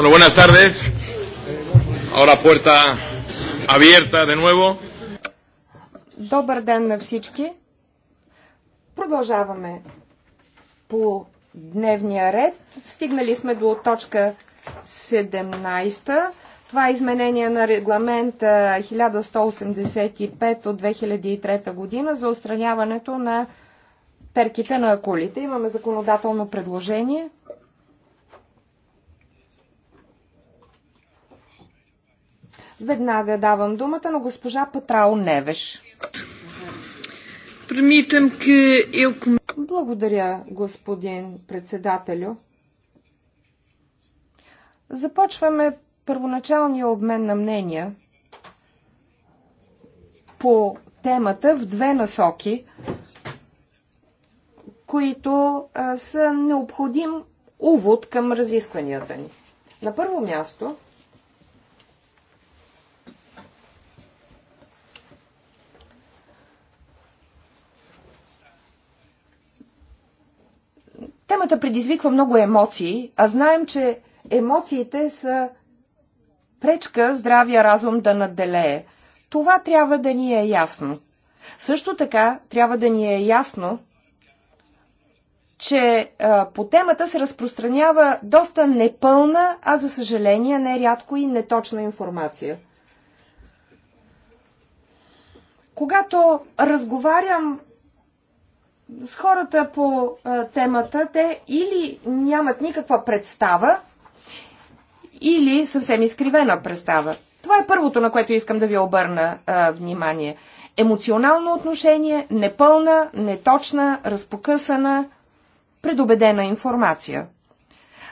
Bueno, buenas tardes. Ahora puerta abierta de nuevo. Добър ден на всички. Продължаваме по дневния ред. Стигнали сме до точка 17. Това е изменение на регламент 1185 от 2003 година за устраняването на перките на акулите. Имаме законодателно предложение. Веднага давам думата на госпожа Патрао Невеш. Е Благодаря, господин председателю. Започваме първоначалния обмен на мнения по темата в две насоки, които са необходим увод към разискванията ни. На първо място – Темата предизвиква много емоции, а знаем, че емоциите са пречка здравия разум да надделее. Това трябва да ни е ясно. Също така трябва да ни е ясно, че а, по темата се разпространява доста непълна, а за съжаление нерядко и неточна информация. Когато разговарям с хората по а, темата, те или нямат никаква представа, или съвсем изкривена представа. Това е първото, на което искам да ви обърна а, внимание. Емоционално отношение, непълна, неточна, разпокъсана, предубедена информация.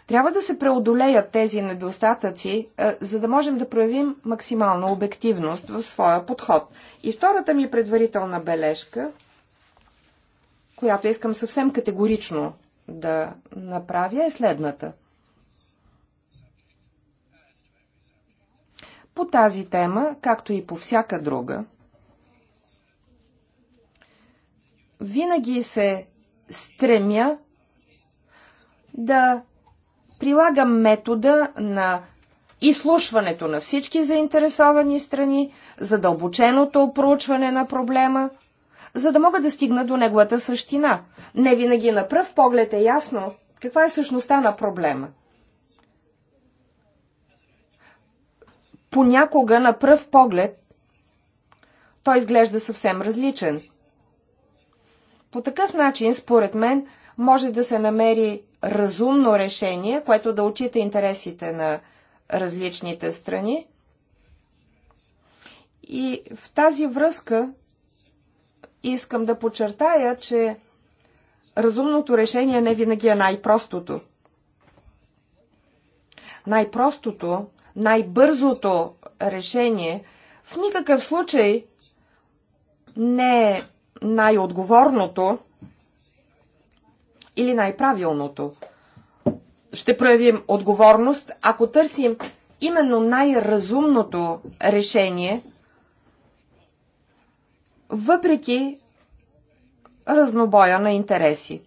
Трябва да се преодолеят тези недостатъци, а, за да можем да проявим максимална обективност в своя подход. И втората ми предварителна бележка – която искам съвсем категорично да направя, е следната. По тази тема, както и по всяка друга, винаги се стремя да прилагам метода на изслушването на всички заинтересовани страни, задълбоченото проучване на проблема – за да мога да стигна до неговата същина. Не винаги на пръв поглед е ясно каква е същността на проблема. Понякога на пръв поглед той изглежда съвсем различен. По такъв начин, според мен, може да се намери разумно решение, което да отчита интересите на различните страни. И в тази връзка Искам да подчертая, че разумното решение не винаги е най-простото. Най-простото, най-бързото решение в никакъв случай не е най-отговорното или най-правилното. Ще проявим отговорност, ако търсим именно най-разумното решение – въпреки разнобоя на интереси.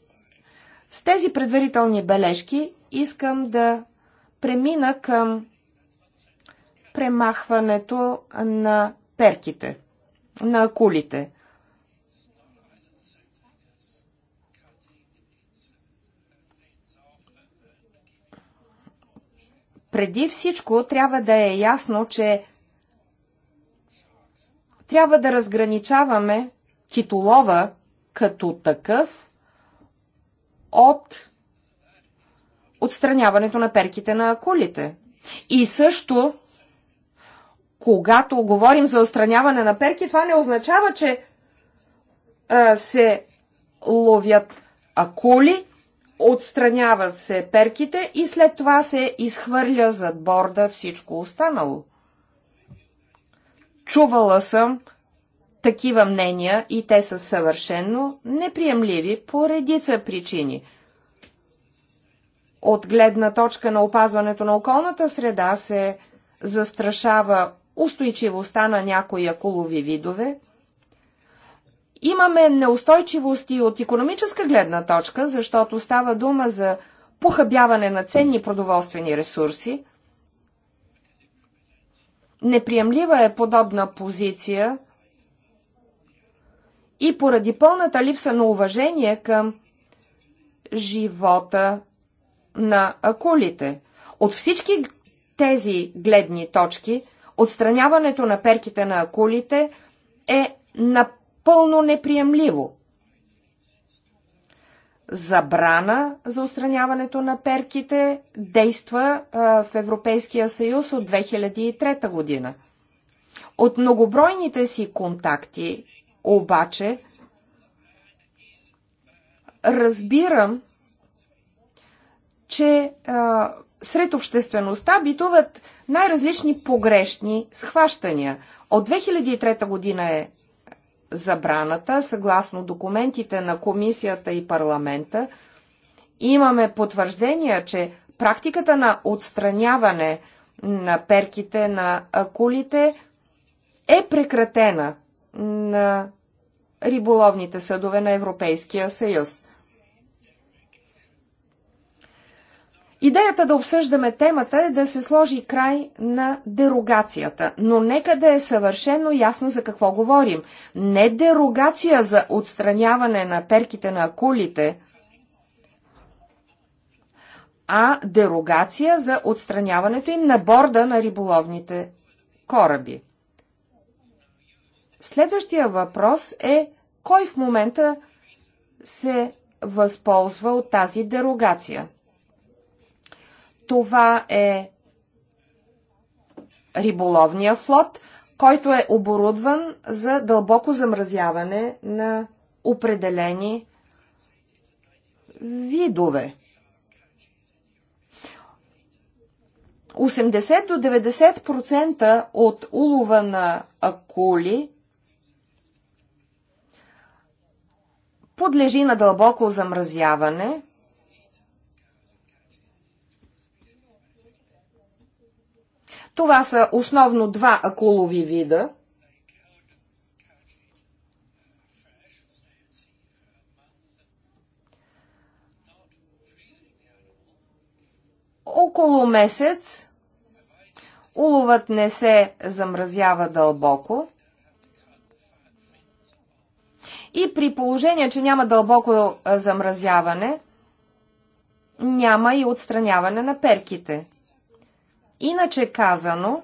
С тези предварителни бележки искам да премина към премахването на перките, на акулите. Преди всичко трябва да е ясно, че трябва да разграничаваме китолова като такъв от отстраняването на перките на акулите. И също, когато говорим за отстраняване на перки, това не означава, че а, се ловят акули, отстраняват се перките и след това се изхвърля зад борда всичко останало. Чувала съм такива мнения и те са съвършенно неприемливи по редица причини. От гледна точка на опазването на околната среда се застрашава устойчивостта на някои акулови видове. Имаме неустойчивости от економическа гледна точка, защото става дума за похабяване на ценни продоволствени ресурси – Неприемлива е подобна позиция и поради пълната липса на уважение към живота на акулите. От всички тези гледни точки, отстраняването на перките на акулите е напълно неприемливо забрана за устраняването на перките действа в Европейския съюз от 2003 година. От многобройните си контакти обаче разбирам, че сред обществеността битуват най-различни погрешни схващания. От 2003 година е забраната, съгласно документите на комисията и парламента, имаме потвърждение, че практиката на отстраняване на перките на акулите е прекратена на риболовните съдове на Европейския съюз. Идеята да обсъждаме темата е да се сложи край на дерогацията, но нека да е съвършено ясно за какво говорим. Не дерогация за отстраняване на перките на акулите, а дерогация за отстраняването им на борда на риболовните кораби. Следващия въпрос е кой в момента се възползва от тази дерогация – това е риболовния флот, който е оборудван за дълбоко замразяване на определени видове. 80 до 90% от улова на акули подлежи на дълбоко замразяване Това са основно два акулови вида. Около месец уловът не се замразява дълбоко. И при положение, че няма дълбоко замразяване, няма и отстраняване на перките – Иначе казано,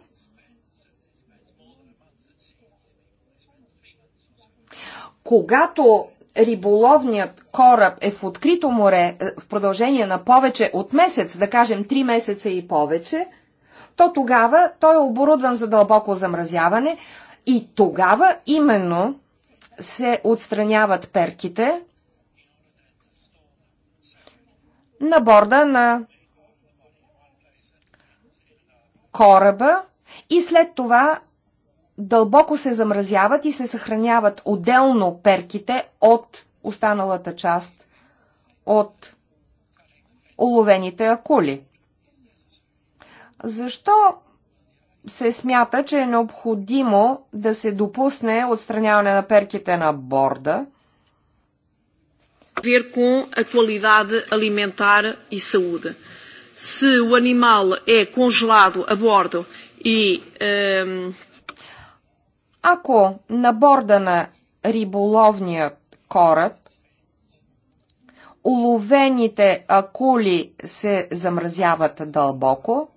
когато риболовният кораб е в открито море е, в продължение на повече от месец, да кажем 3 месеца и повече, то тогава той е оборудван за дълбоко замразяване и тогава именно се отстраняват перките на борда на кораба и след това дълбоко се замразяват и се съхраняват отделно перките от останалата част от уловените акули. Защо се смята, че е необходимо да се допусне отстраняване на перките на борда? Ver com a qualidade alimentar e se o animal é congelado a bordo e. Um... Ако на борда на риболовния кораб уловените акули се замразяват дълбоко,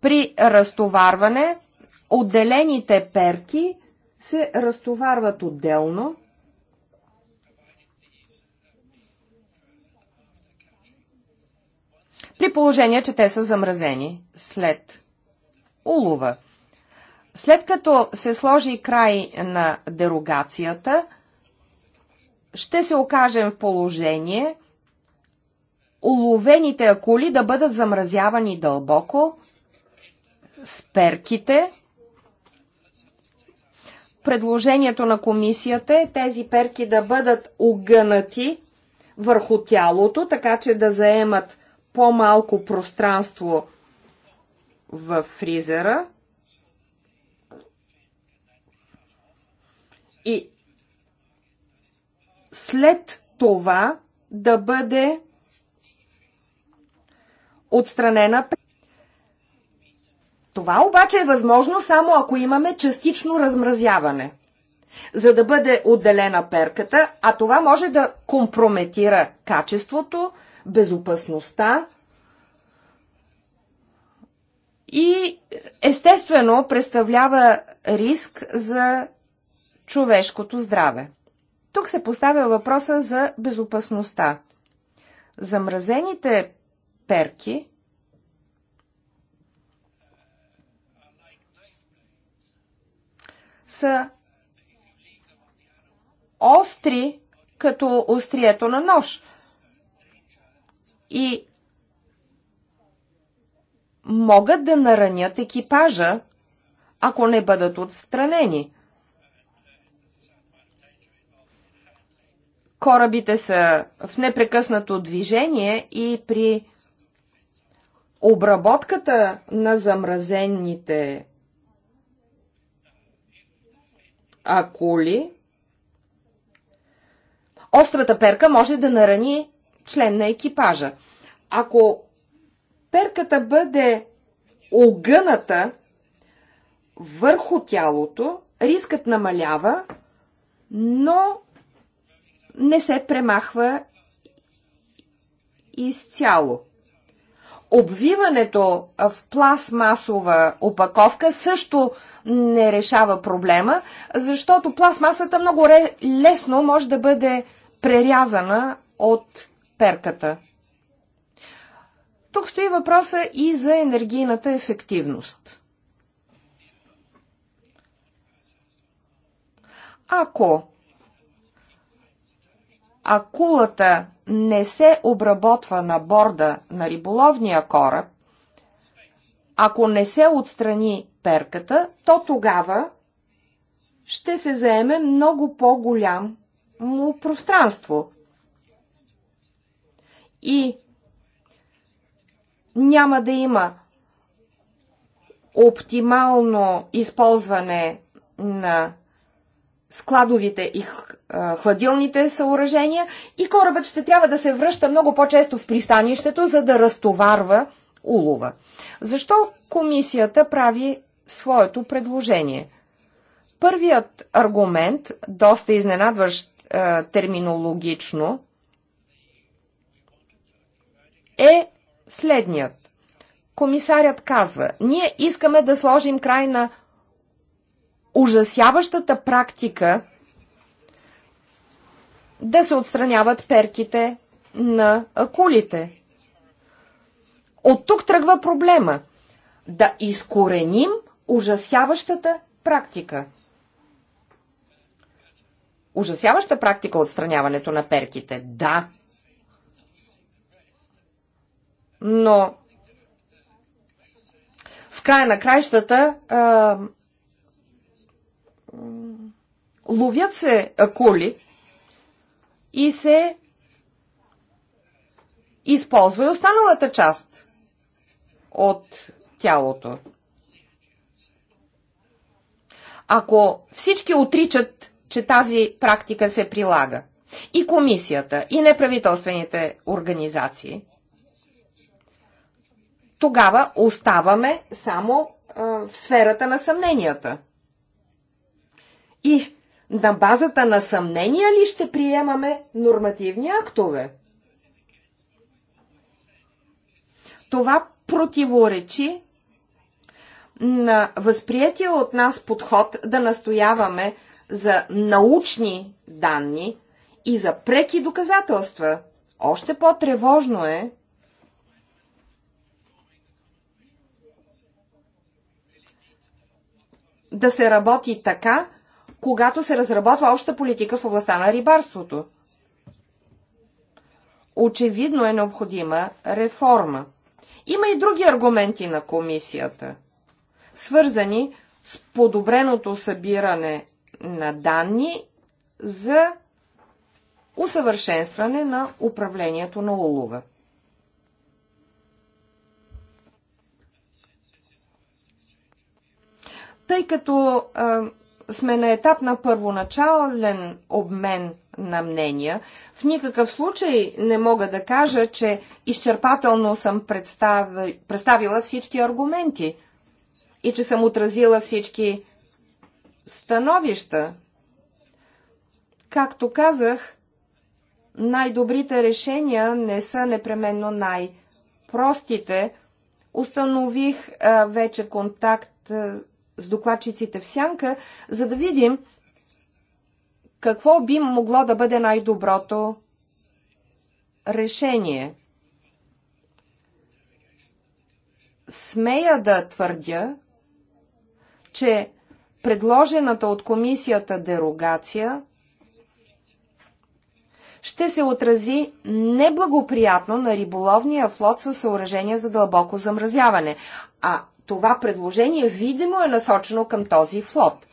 при разтоварване отделените перки се разтоварват отделно – при положение, че те са замразени след улова. След като се сложи край на дерогацията, ще се окажем в положение уловените акули да бъдат замразявани дълбоко, сперките. Предложението на комисията е тези перки да бъдат огънати върху тялото, така че да заемат по-малко пространство в фризера и след това да бъде отстранена. Това обаче е възможно само ако имаме частично размразяване, за да бъде отделена перката, а това може да компрометира качеството безопасността и естествено представлява риск за човешкото здраве. Тук се поставя въпроса за безопасността. Замразените перки са остри като острието на нож и могат да наранят екипажа, ако не бъдат отстранени. Корабите са в непрекъснато движение и при обработката на замразените акули, острата перка може да нарани член на екипажа. Ако перката бъде огъната върху тялото, рискът намалява, но не се премахва изцяло. Обвиването в пластмасова опаковка също не решава проблема, защото пластмасата много лесно може да бъде прерязана от перката. Тук стои въпроса и за енергийната ефективност. Ако акулата не се обработва на борда на риболовния кораб, ако не се отстрани перката, то тогава ще се заеме много по-голям пространство и няма да има оптимално използване на складовите и хладилните съоръжения и корабът ще трябва да се връща много по-често в пристанището, за да разтоварва улова. Защо комисията прави своето предложение? Първият аргумент, доста изненадващ терминологично, е следният. Комисарят казва, ние искаме да сложим край на ужасяващата практика да се отстраняват перките на акулите. От тук тръгва проблема. Да изкореним ужасяващата практика. Ужасяваща практика отстраняването на перките. Да, но в края на краищата а, ловят се акули и се използва и останалата част от тялото. Ако всички отричат, че тази практика се прилага, и комисията, и неправителствените организации – тогава оставаме само а, в сферата на съмненията. И на базата на съмнения ли ще приемаме нормативни актове? Това противоречи на възприятия от нас подход да настояваме за научни данни и за преки доказателства. Още по-тревожно е, да се работи така, когато се разработва обща политика в областта на рибарството. Очевидно е необходима реформа. Има и други аргументи на комисията, свързани с подобреното събиране на данни за усъвършенстване на управлението на улова. Тъй като а, сме на етап на първоначален обмен на мнения, в никакъв случай не мога да кажа, че изчерпателно съм представи, представила всички аргументи и че съм отразила всички становища. Както казах, най-добрите решения не са непременно най-простите. Установих а, вече контакт а, с докладчиците в сянка, за да видим какво би могло да бъде най-доброто решение. Смея да твърдя, че предложената от комисията дерогация ще се отрази неблагоприятно на риболовния флот със съоръжения за дълбоко замразяване, а това предложение видимо е насочено към този флот.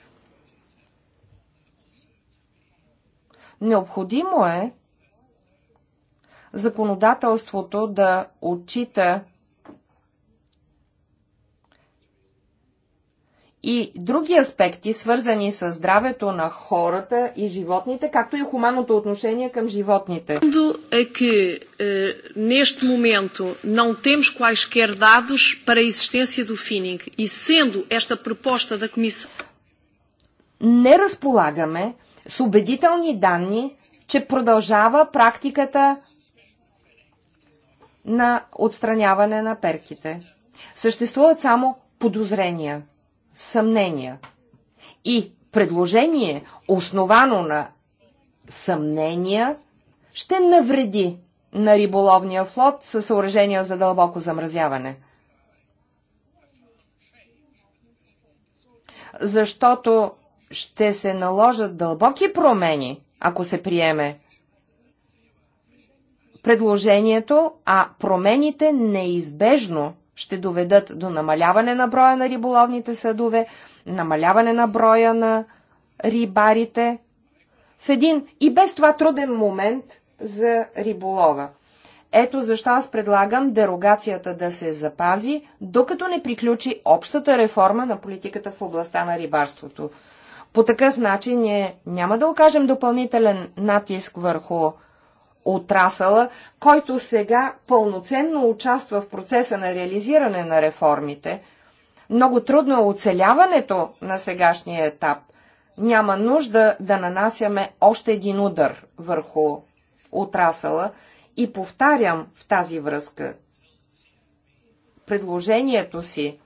Необходимо е законодателството да отчита и други аспекти, свързани с здравето на хората и животните, както и хуманното отношение към животните. е que neste momento não temos quaisquer dados para a existência do finning e sendo esta proposta da comissão не разполагаме с убедителни данни, че продължава практиката на отстраняване на перките. Съществуват само подозрения – съмнения. И предложение, основано на съмнения, ще навреди на риболовния флот със съоръжения за дълбоко замразяване. Защото ще се наложат дълбоки промени, ако се приеме предложението, а промените неизбежно ще доведат до намаляване на броя на риболовните съдове, намаляване на броя на рибарите в един и без това труден момент за риболова. Ето защо аз предлагам дерогацията да се запази, докато не приключи общата реформа на политиката в областта на рибарството. По такъв начин ние няма да окажем допълнителен натиск върху отрасъла, който сега пълноценно участва в процеса на реализиране на реформите. Много трудно е оцеляването на сегашния етап. Няма нужда да нанасяме още един удар върху отрасъла. И повтарям в тази връзка предложението си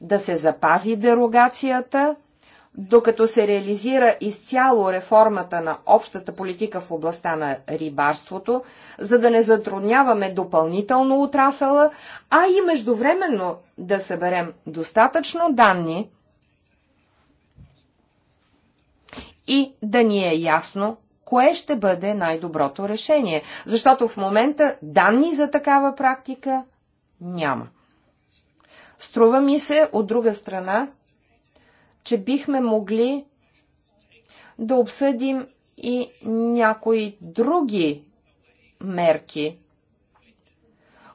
да се запази дерогацията докато се реализира изцяло реформата на общата политика в областта на рибарството, за да не затрудняваме допълнително отрасъла, а и междувременно да съберем достатъчно данни и да ни е ясно кое ще бъде най-доброто решение, защото в момента данни за такава практика няма. Струва ми се, от друга страна, че бихме могли да обсъдим и някои други мерки,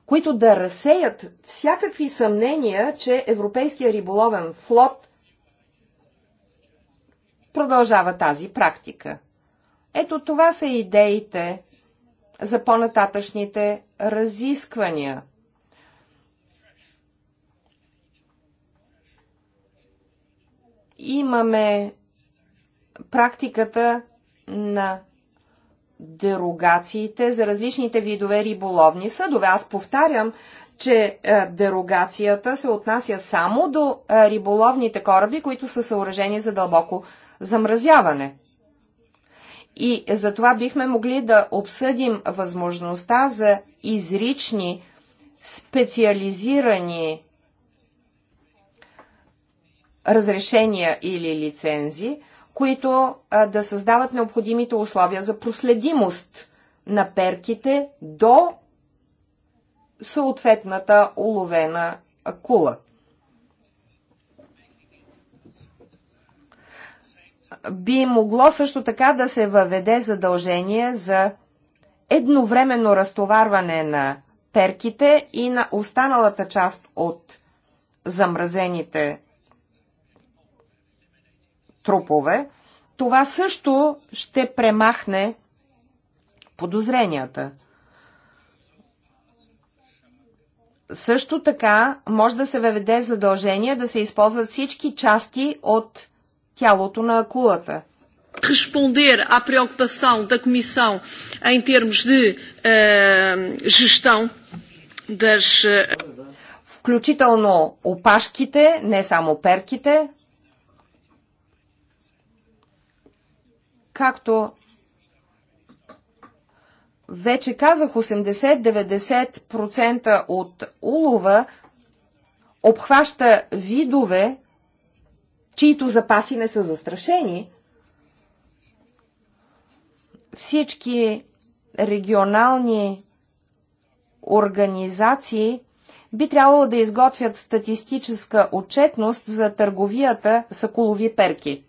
които да разсеят всякакви съмнения, че Европейския риболовен флот продължава тази практика. Ето това са идеите за по-нататъчните разисквания имаме практиката на дерогациите за различните видове риболовни съдове. Аз повтарям, че е, дерогацията се отнася само до е, риболовните кораби, които са съоръжени за дълбоко замразяване. И за това бихме могли да обсъдим възможността за изрични специализирани разрешения или лицензи, които а, да създават необходимите условия за проследимост на перките до съответната уловена кула. Би могло също така да се въведе задължение за едновременно разтоварване на перките и на останалата част от замразените трупове, това също ще премахне подозренията. Също така може да се въведе задължение да се използват всички части от тялото на акулата. Responder à preocupação da Comissão em termos de uh, gestão das. Eh, Включително опашките, не само перките, Както вече казах, 80-90% от улова обхваща видове, чието запаси не са застрашени. Всички регионални организации би трябвало да изготвят статистическа отчетност за търговията с акулови перки.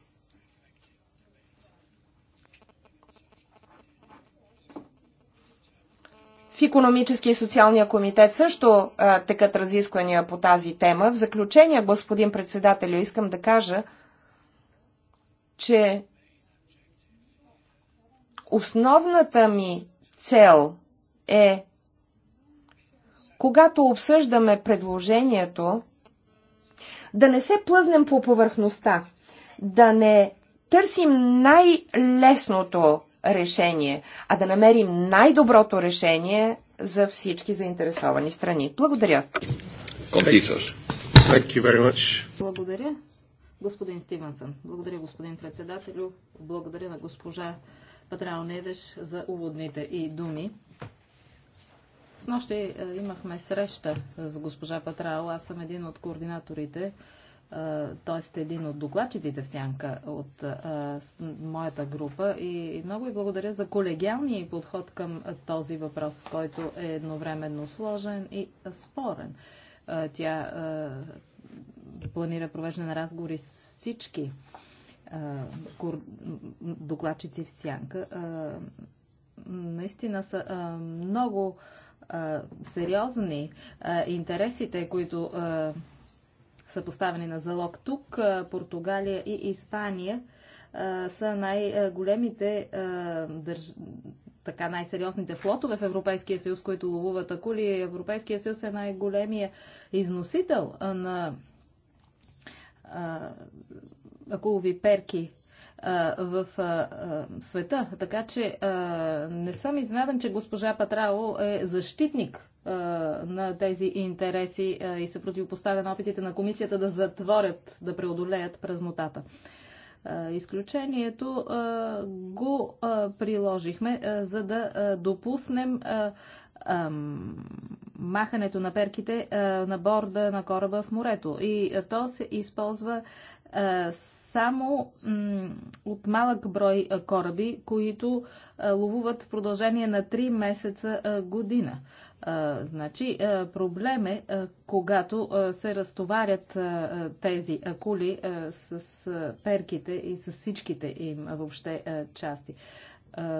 В економически и социалния комитет също а, текат разисквания по тази тема. В заключение, господин председателю, искам да кажа, че основната ми цел е, когато обсъждаме предложението, да не се плъзнем по повърхността, да не търсим най-лесното решение, а да намерим най-доброто решение за всички заинтересовани страни. Благодаря. Благодаря, господин Стивенсън. Благодаря, господин председателю. Благодаря на госпожа Патрао Невеш за уводните и думи. С нощи е, имахме среща с госпожа Патрао. Аз съм един от координаторите т.е. един от докладчиците в сянка от а, моята група и много ви благодаря за колегиалния подход към този въпрос, който е едновременно сложен и спорен. А, тя а, планира провеждане на разговори с всички докладчици в сянка. Наистина са много сериозни интересите, които са поставени на залог тук. Португалия и Испания са най-големите държ... така най-сериозните флотове в Европейския съюз, които ловуват акули. Европейския съюз е най-големия износител на акулови перки в света. Така че не съм изненадан, че госпожа Патрао е защитник на тези интереси и се противопоставя на опитите на комисията да затворят, да преодолеят празнотата. Изключението го приложихме, за да допуснем махането на перките на борда на кораба в морето. И то се използва с само от малък брой кораби, които ловуват в продължение на 3 месеца година. Значи, проблем е, когато се разтоварят тези кули с перките и с всичките им въобще части.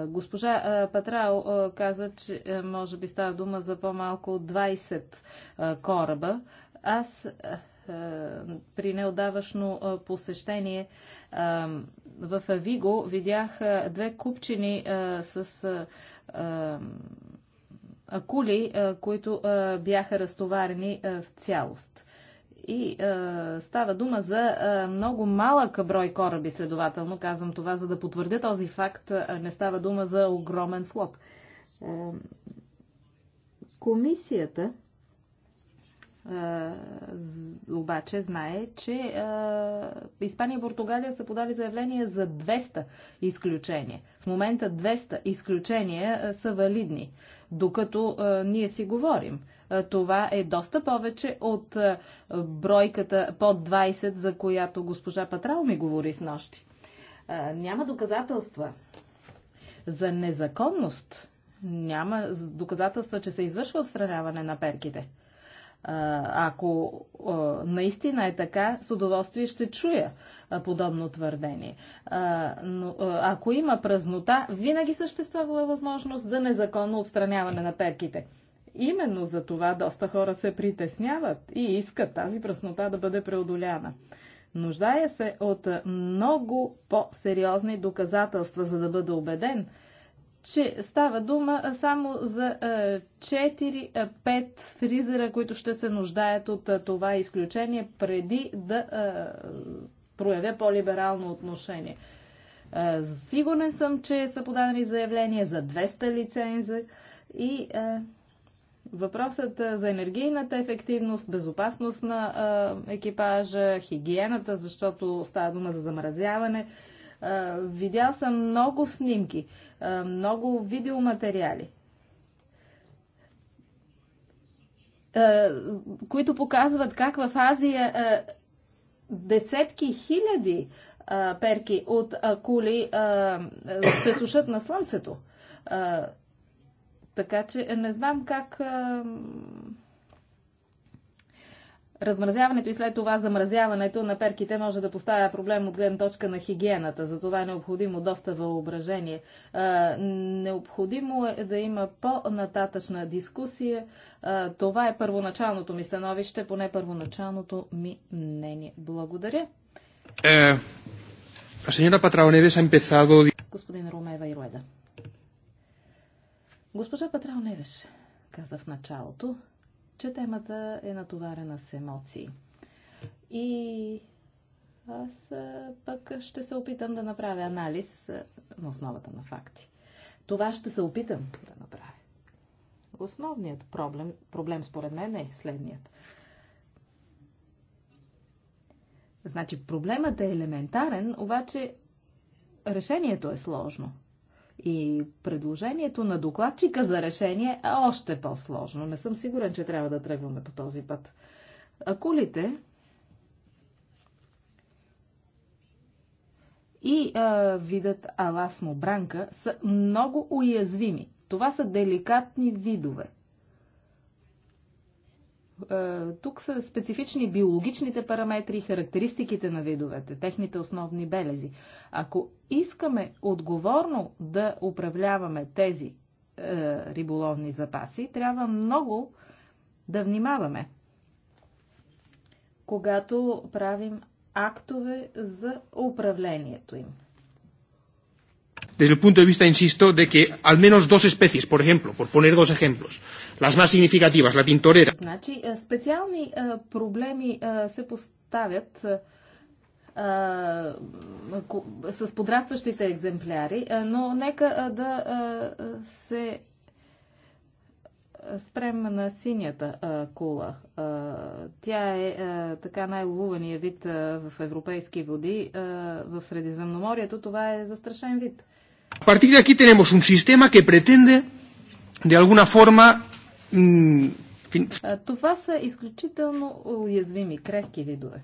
Госпожа Патрао каза, че може би става дума за по-малко от 20 кораба. Аз е, при неодавашно е, посещение е, в Виго видях две купчини с акули, които бяха разтоварени в цялост. И е, става дума за е, много малък брой кораби, следователно казвам това, за да потвърдя този факт. Е, не става дума за огромен флот. Е, комисията обаче знае, че Испания и Португалия са подали заявление за 200 изключения. В момента 200 изключения са валидни, докато ние си говорим. Това е доста повече от бройката под 20, за която госпожа Патрал ми говори с нощи. Няма доказателства за незаконност. Няма доказателства, че се извършва отстраняване на перките. Ако наистина е така, с удоволствие ще чуя подобно твърдение. Но ако има празнота, винаги съществува възможност за незаконно отстраняване на перките. Именно за това доста хора се притесняват и искат тази празнота да бъде преодоляна. Нуждая се от много по-сериозни доказателства, за да бъда убеден – че става дума само за 4-5 е, е, фризера, които ще се нуждаят от е, това изключение преди да проявя по-либерално отношение. Сигурен съм, че са подадени заявления за 200 лиценза и въпросът за енергийната ефективност, безопасност на екипажа, хигиената, защото става дума за замразяване, Видял съм много снимки, много видеоматериали, които показват как в Азия десетки хиляди перки от акули се сушат на слънцето. Така че не знам как размразяването и след това замразяването на перките може да поставя проблем от гледна точка на хигиената. Затова е необходимо доста въображение. Необходимо е да има по-нататъчна дискусия. Това е първоначалното ми становище, поне първоначалното ми мнение. Благодаря. Е, ha empezado... Господин Ромева Ируеда. Госпожа Патраоневеш каза в началото, че темата е натоварена с емоции. И аз пък ще се опитам да направя анализ на основата на факти. Това ще се опитам да направя. Основният проблем, проблем според мен е следният. Значи проблемът е елементарен, обаче решението е сложно. И предложението на докладчика за решение е още по-сложно. Не съм сигурен, че трябва да тръгваме по този път. Акулите и а, видът Аласмо Бранка са много уязвими. Това са деликатни видове – е, тук са специфични биологичните параметри, характеристиките на видовете, техните основни белези. Ако искаме отговорно да управляваме тези е, риболовни запаси, трябва много да внимаваме, когато правим актове за управлението им desde el punto de vista, insisto, de que al menos dos especies, por ejemplo, por poner dos ejemplos, las más significativas, la tintorera. Значи, специални проблеми се поставят с подрастващите екземпляри, но нека да се спрем на синята а, кула. А, тя е а, така най-ловувания вид а, в европейски води. А, в Средиземноморието това е застрашен вид. A partir de aquí tenemos un sistema que pretende, de alguna forma, mm, това са изключително уязвими, крехки видове.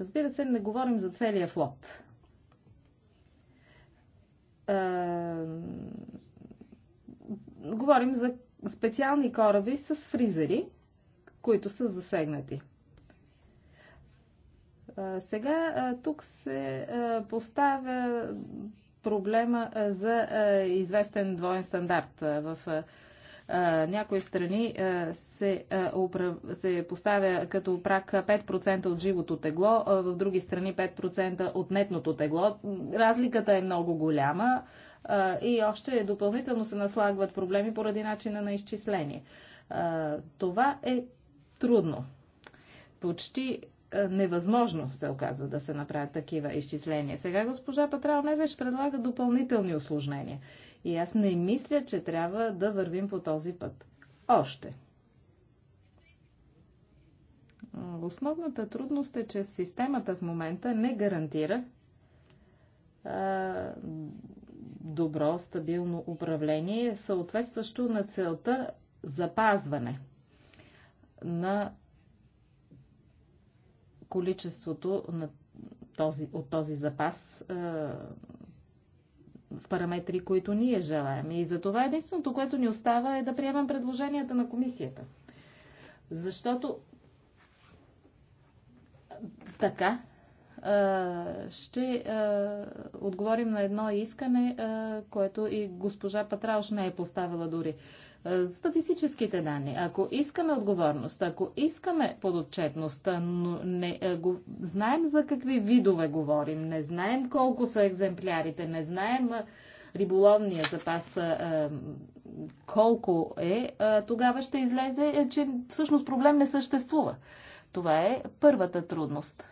Разбира се, не говорим за целия флот говорим за специални кораби с фризери, които са засегнати. Сега тук се поставя проблема за известен двоен стандарт в някои страни се, се поставя като прак 5% от живото тегло, в други страни 5% от нетното тегло. Разликата е много голяма и още допълнително се наслагват проблеми поради начина на изчисление. Това е трудно. Почти невъзможно се оказва да се направят такива изчисления. Сега госпожа Патрал Невеш предлага допълнителни осложнения. И аз не мисля, че трябва да вървим по този път. Още. Основната трудност е, че системата в момента не гарантира а, добро, стабилно управление, съответстващо на целта запазване на количеството на този, от този запас, а, в параметри, които ние желаем. И за това единственото, което ни остава е да приемем предложенията на комисията. Защото така ще отговорим на едно искане, което и госпожа Патрауш не е поставила дори. Е, статистическите данни. Ако искаме отговорност, ако искаме подотчетност, но не е, го, знаем за какви видове говорим, не знаем колко са екземплярите, не знаем е, риболовния запас колко е, тогава ще излезе, че всъщност проблем не съществува. Това е първата трудност.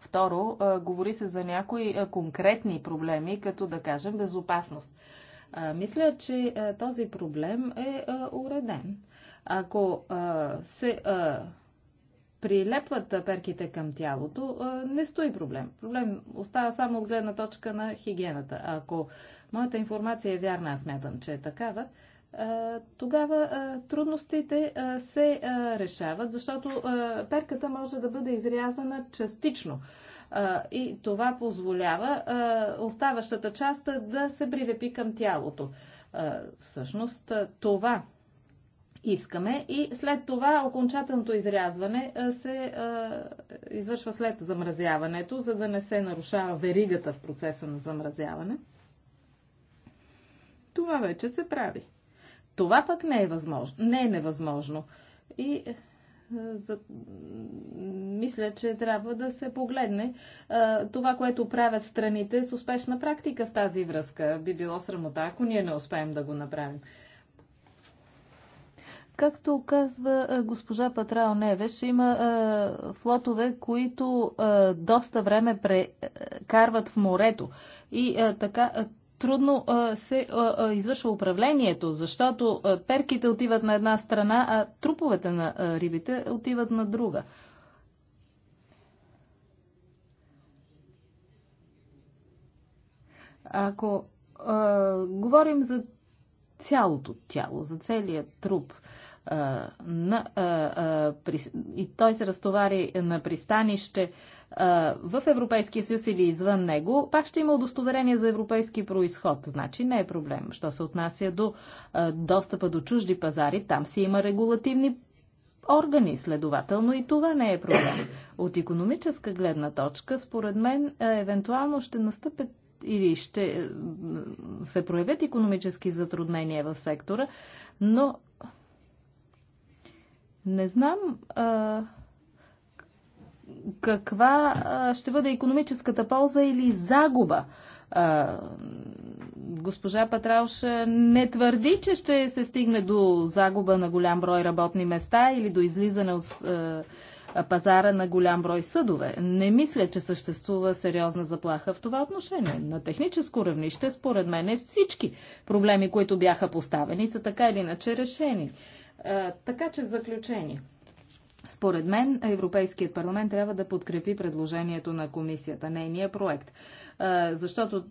Второ, говори се за някои конкретни проблеми, като да кажем безопасност. Мисля, че този проблем е уреден. Ако се прилепват перките към тялото, не стои проблем. Проблем остава само от гледна точка на хигиената. Ако моята информация е вярна, аз смятам, че е такава, тогава трудностите се решават, защото перката може да бъде изрязана частично и това позволява оставащата част да се прилепи към тялото. Всъщност това искаме и след това окончателното изрязване се извършва след замразяването, за да не се нарушава веригата в процеса на замразяване. Това вече се прави. Това пък не е възможно. Не е невъзможно. И за... мисля, че трябва да се погледне това, което правят страните с успешна практика в тази връзка. Би било срамота, ако ние не успеем да го направим. Както казва госпожа Патрао Невеш, има е, флотове, които е, доста време прекарват в морето. И е, така трудно а, се а, а, извършва управлението, защото а, перките отиват на една страна, а труповете на а, рибите отиват на друга. Ако а, говорим за цялото тяло, за целият труп, а, на, при, и той се разтовари на пристанище в Европейския съюз или извън него, пак ще има удостоверение за европейски происход. Значи не е проблем. Що се отнася до достъпа до чужди пазари, там си има регулативни органи. Следователно и това не е проблем. От економическа гледна точка, според мен, евентуално ще настъпят или ще се проявят економически затруднения в сектора, но не знам а, каква а, ще бъде економическата полза или загуба. А, госпожа Патрауш не твърди, че ще се стигне до загуба на голям брой работни места или до излизане от а, пазара на голям брой съдове. Не мисля, че съществува сериозна заплаха в това отношение. На техническо равнище, според мен, всички проблеми, които бяха поставени, са така или иначе решени. Е, така че в заключение. Според мен Европейският парламент трябва да подкрепи предложението на комисията, нейния проект, е, защото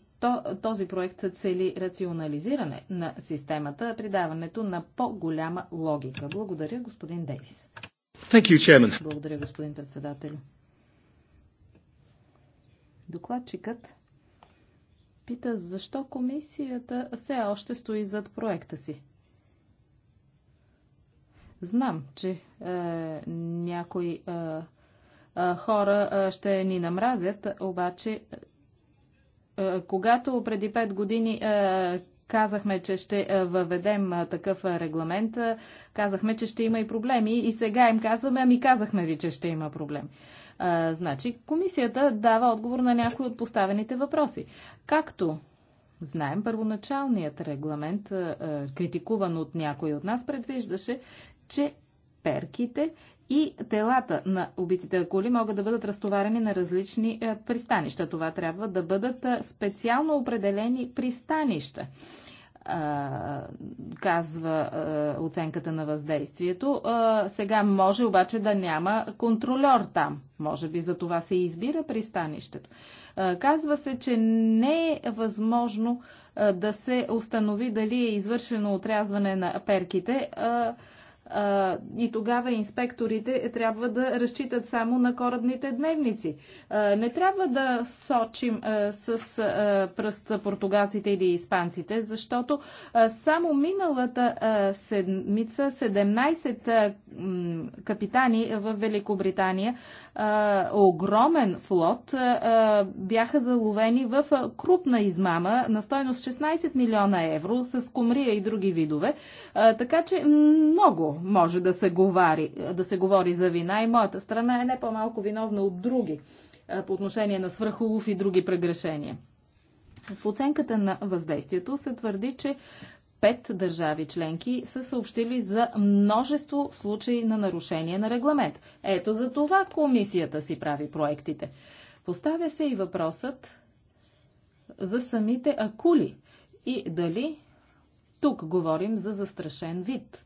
този проект цели рационализиране на системата, придаването на по-голяма логика. Благодаря, господин Дейвис. Thank you, chairman. Благодаря, господин председател. Докладчикът пита защо комисията все още стои зад проекта си. Знам, че е, някои е, е, хора е, ще ни намразят, обаче е, е когато преди 5 години е, казахме, че ще е, въведем е, такъв регламент, казахме, че ще има и проблеми и сега им казваме, ами казахме ви, че ще има проблеми. Е, значи, комисията дава отговор на някои от поставените въпроси. Както знаем, първоначалният регламент, критикуван от някой от нас, предвиждаше че перките и телата на убитите коли могат да бъдат разтоварени на различни е, пристанища. Това трябва да бъдат е, специално определени пристанища е, казва оценката на въздействието. Сега може обаче да няма контролер там. Може би за това се избира пристанището. Казва се, че не е възможно да се установи дали е извършено отрязване на перките и тогава инспекторите трябва да разчитат само на корабните дневници. Не трябва да сочим с пръст португалците или испанците, защото само миналата седмица 17 капитани в Великобритания, огромен флот, бяха заловени в крупна измама на стойност 16 милиона евро с комрия и други видове. Така че много може да се, говори, да се говори за вина и моята страна е не по-малко виновна от други е, по отношение на свръхулов и други прегрешения. В оценката на въздействието се твърди, че пет държави членки са съобщили за множество случаи на нарушение на регламент. Ето за това комисията си прави проектите. Поставя се и въпросът за самите акули и дали тук говорим за застрашен вид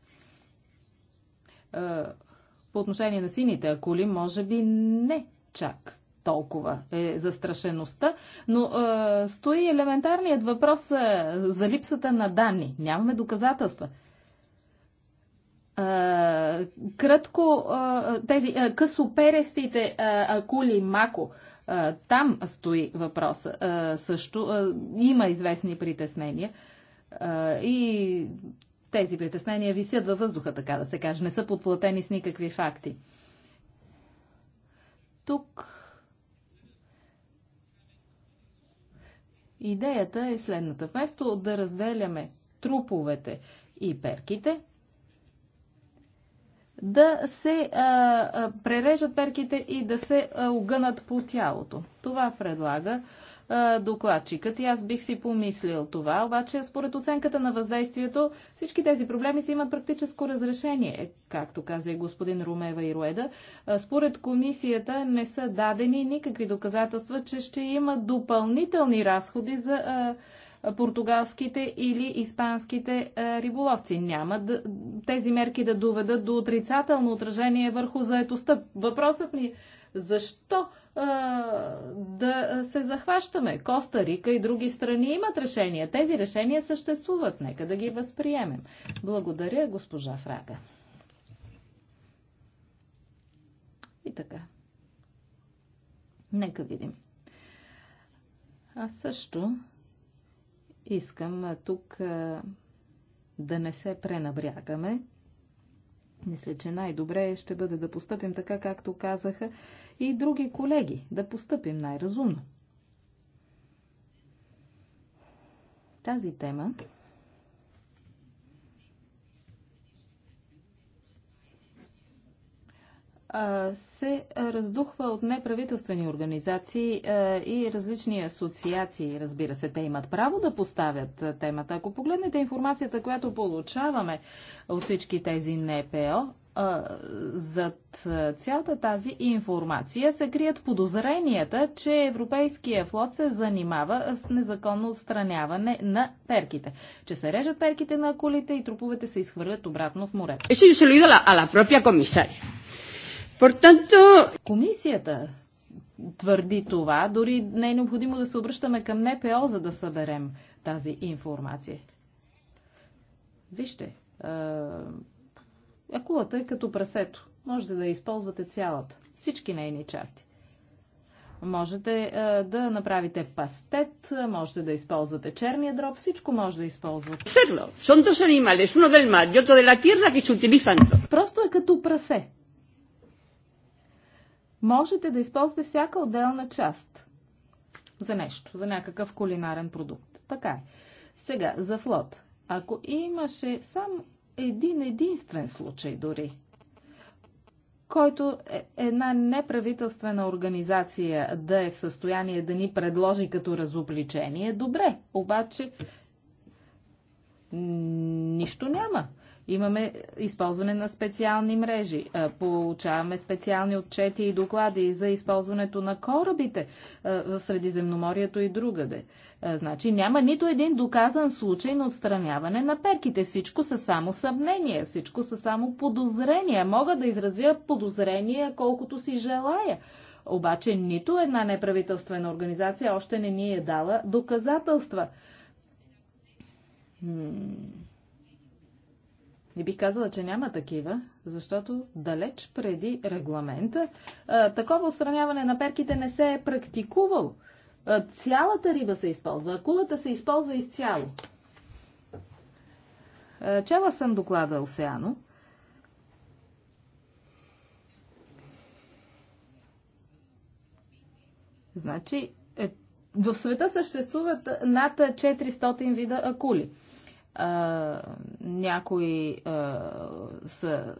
по отношение на сините акули, може би не чак толкова е застрашеността, но е, стои елементарният въпрос е, за липсата на данни. Нямаме доказателства. Е, кратко, е, тези е, късоперестите е, акули мако, е, там стои въпроса. Е, също е, има известни притеснения. Е, и тези притеснения висят във въздуха, така да се каже. Не са подплатени с никакви факти. Тук идеята е следната. Вместо да разделяме труповете и перките, да се а, а, прережат перките и да се а, огънат по тялото. Това предлага докладчикът и аз бих си помислил това, обаче според оценката на въздействието всички тези проблеми си имат практическо разрешение, е, както каза и господин Румева и Руеда. Според комисията не са дадени никакви доказателства, че ще има допълнителни разходи за португалските или испанските риболовци. Няма тези мерки да доведат до отрицателно отражение върху заетостта. Въпросът е защо а, да се захващаме? Коста Рика и други страни имат решения. Тези решения съществуват. Нека да ги възприемем. Благодаря, госпожа Фрага. И така. Нека видим. Аз също искам тук да не се пренабрягаме мисля, че най-добре ще бъде да постъпим така, както казаха и други колеги, да постъпим най-разумно. Тази тема се раздухва от неправителствени организации и различни асоциации. Разбира се, те имат право да поставят темата. Ако погледнете информацията, която получаваме от всички тези НПО, зад цялата тази информация се крият подозренията, че Европейския флот се занимава с незаконно отстраняване на перките. Че се режат перките на колите и труповете се изхвърлят обратно в морето. Eso yo se lo digo a la, Portanto... Комисията твърди това. Дори не е необходимо да се обръщаме към НПО, за да съберем тази информация. Вижте, акулата е като прасето. Можете да използвате цялата, всички нейни части. Можете а, да направите пастет, можете да използвате черния дроб, всичко може да използвате. uno del mar de la tierra que se utilizan. Просто е като прасе можете да използвате всяка отделна част за нещо, за някакъв кулинарен продукт. Така е. Сега, за флот. Ако имаше само един единствен случай дори, който е една неправителствена организация да е в състояние да ни предложи като разобличение, добре, обаче нищо няма. Имаме използване на специални мрежи, получаваме специални отчети и доклади за използването на корабите в Средиземноморието и другаде. Значи няма нито един доказан случай на отстраняване на перките. Всичко са само съмнения, всичко са само подозрения. Мога да изразя подозрения колкото си желая. Обаче нито една неправителствена организация още не ни е дала доказателства. Не бих казала, че няма такива, защото далеч преди регламента такова устраняване на перките не се е практикувало. Цялата риба се използва, акулата се използва изцяло. Чела съм доклада Осеано. Значи, е, в света съществуват над 400 вида акули а, някои а, са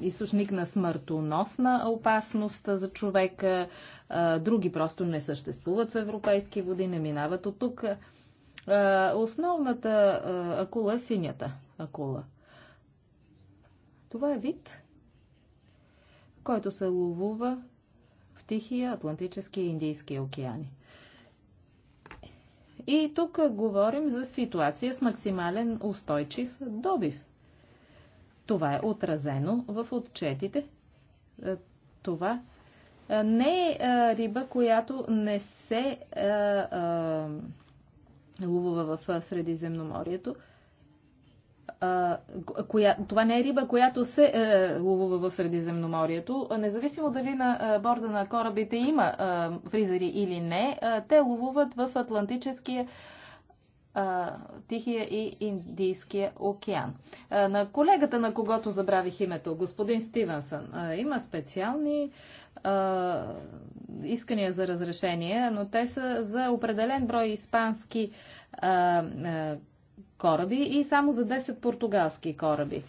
източник на смъртоносна опасност за човека, а, други просто не съществуват в европейски води, не минават от тук. А, основната а, акула е синята акула. Това е вид, който се ловува в Тихия, Атлантически и Индийски океани. И тук говорим за ситуация с максимален устойчив добив. Това е отразено в отчетите. Е, това е, не е, е риба, която не се лувува в Средиземноморието а, коя, това не е риба, която се е, ловува в Средиземноморието. Независимо дали на а, борда на корабите има а, фризери или не, а, те ловуват в Атлантическия а, Тихия и Индийския океан. А, на колегата, на когото забравих името, господин Стивенсън, а, има специални а, искания за разрешение, но те са за определен брой испански а, а, кораби и само за 10 португалски кораби.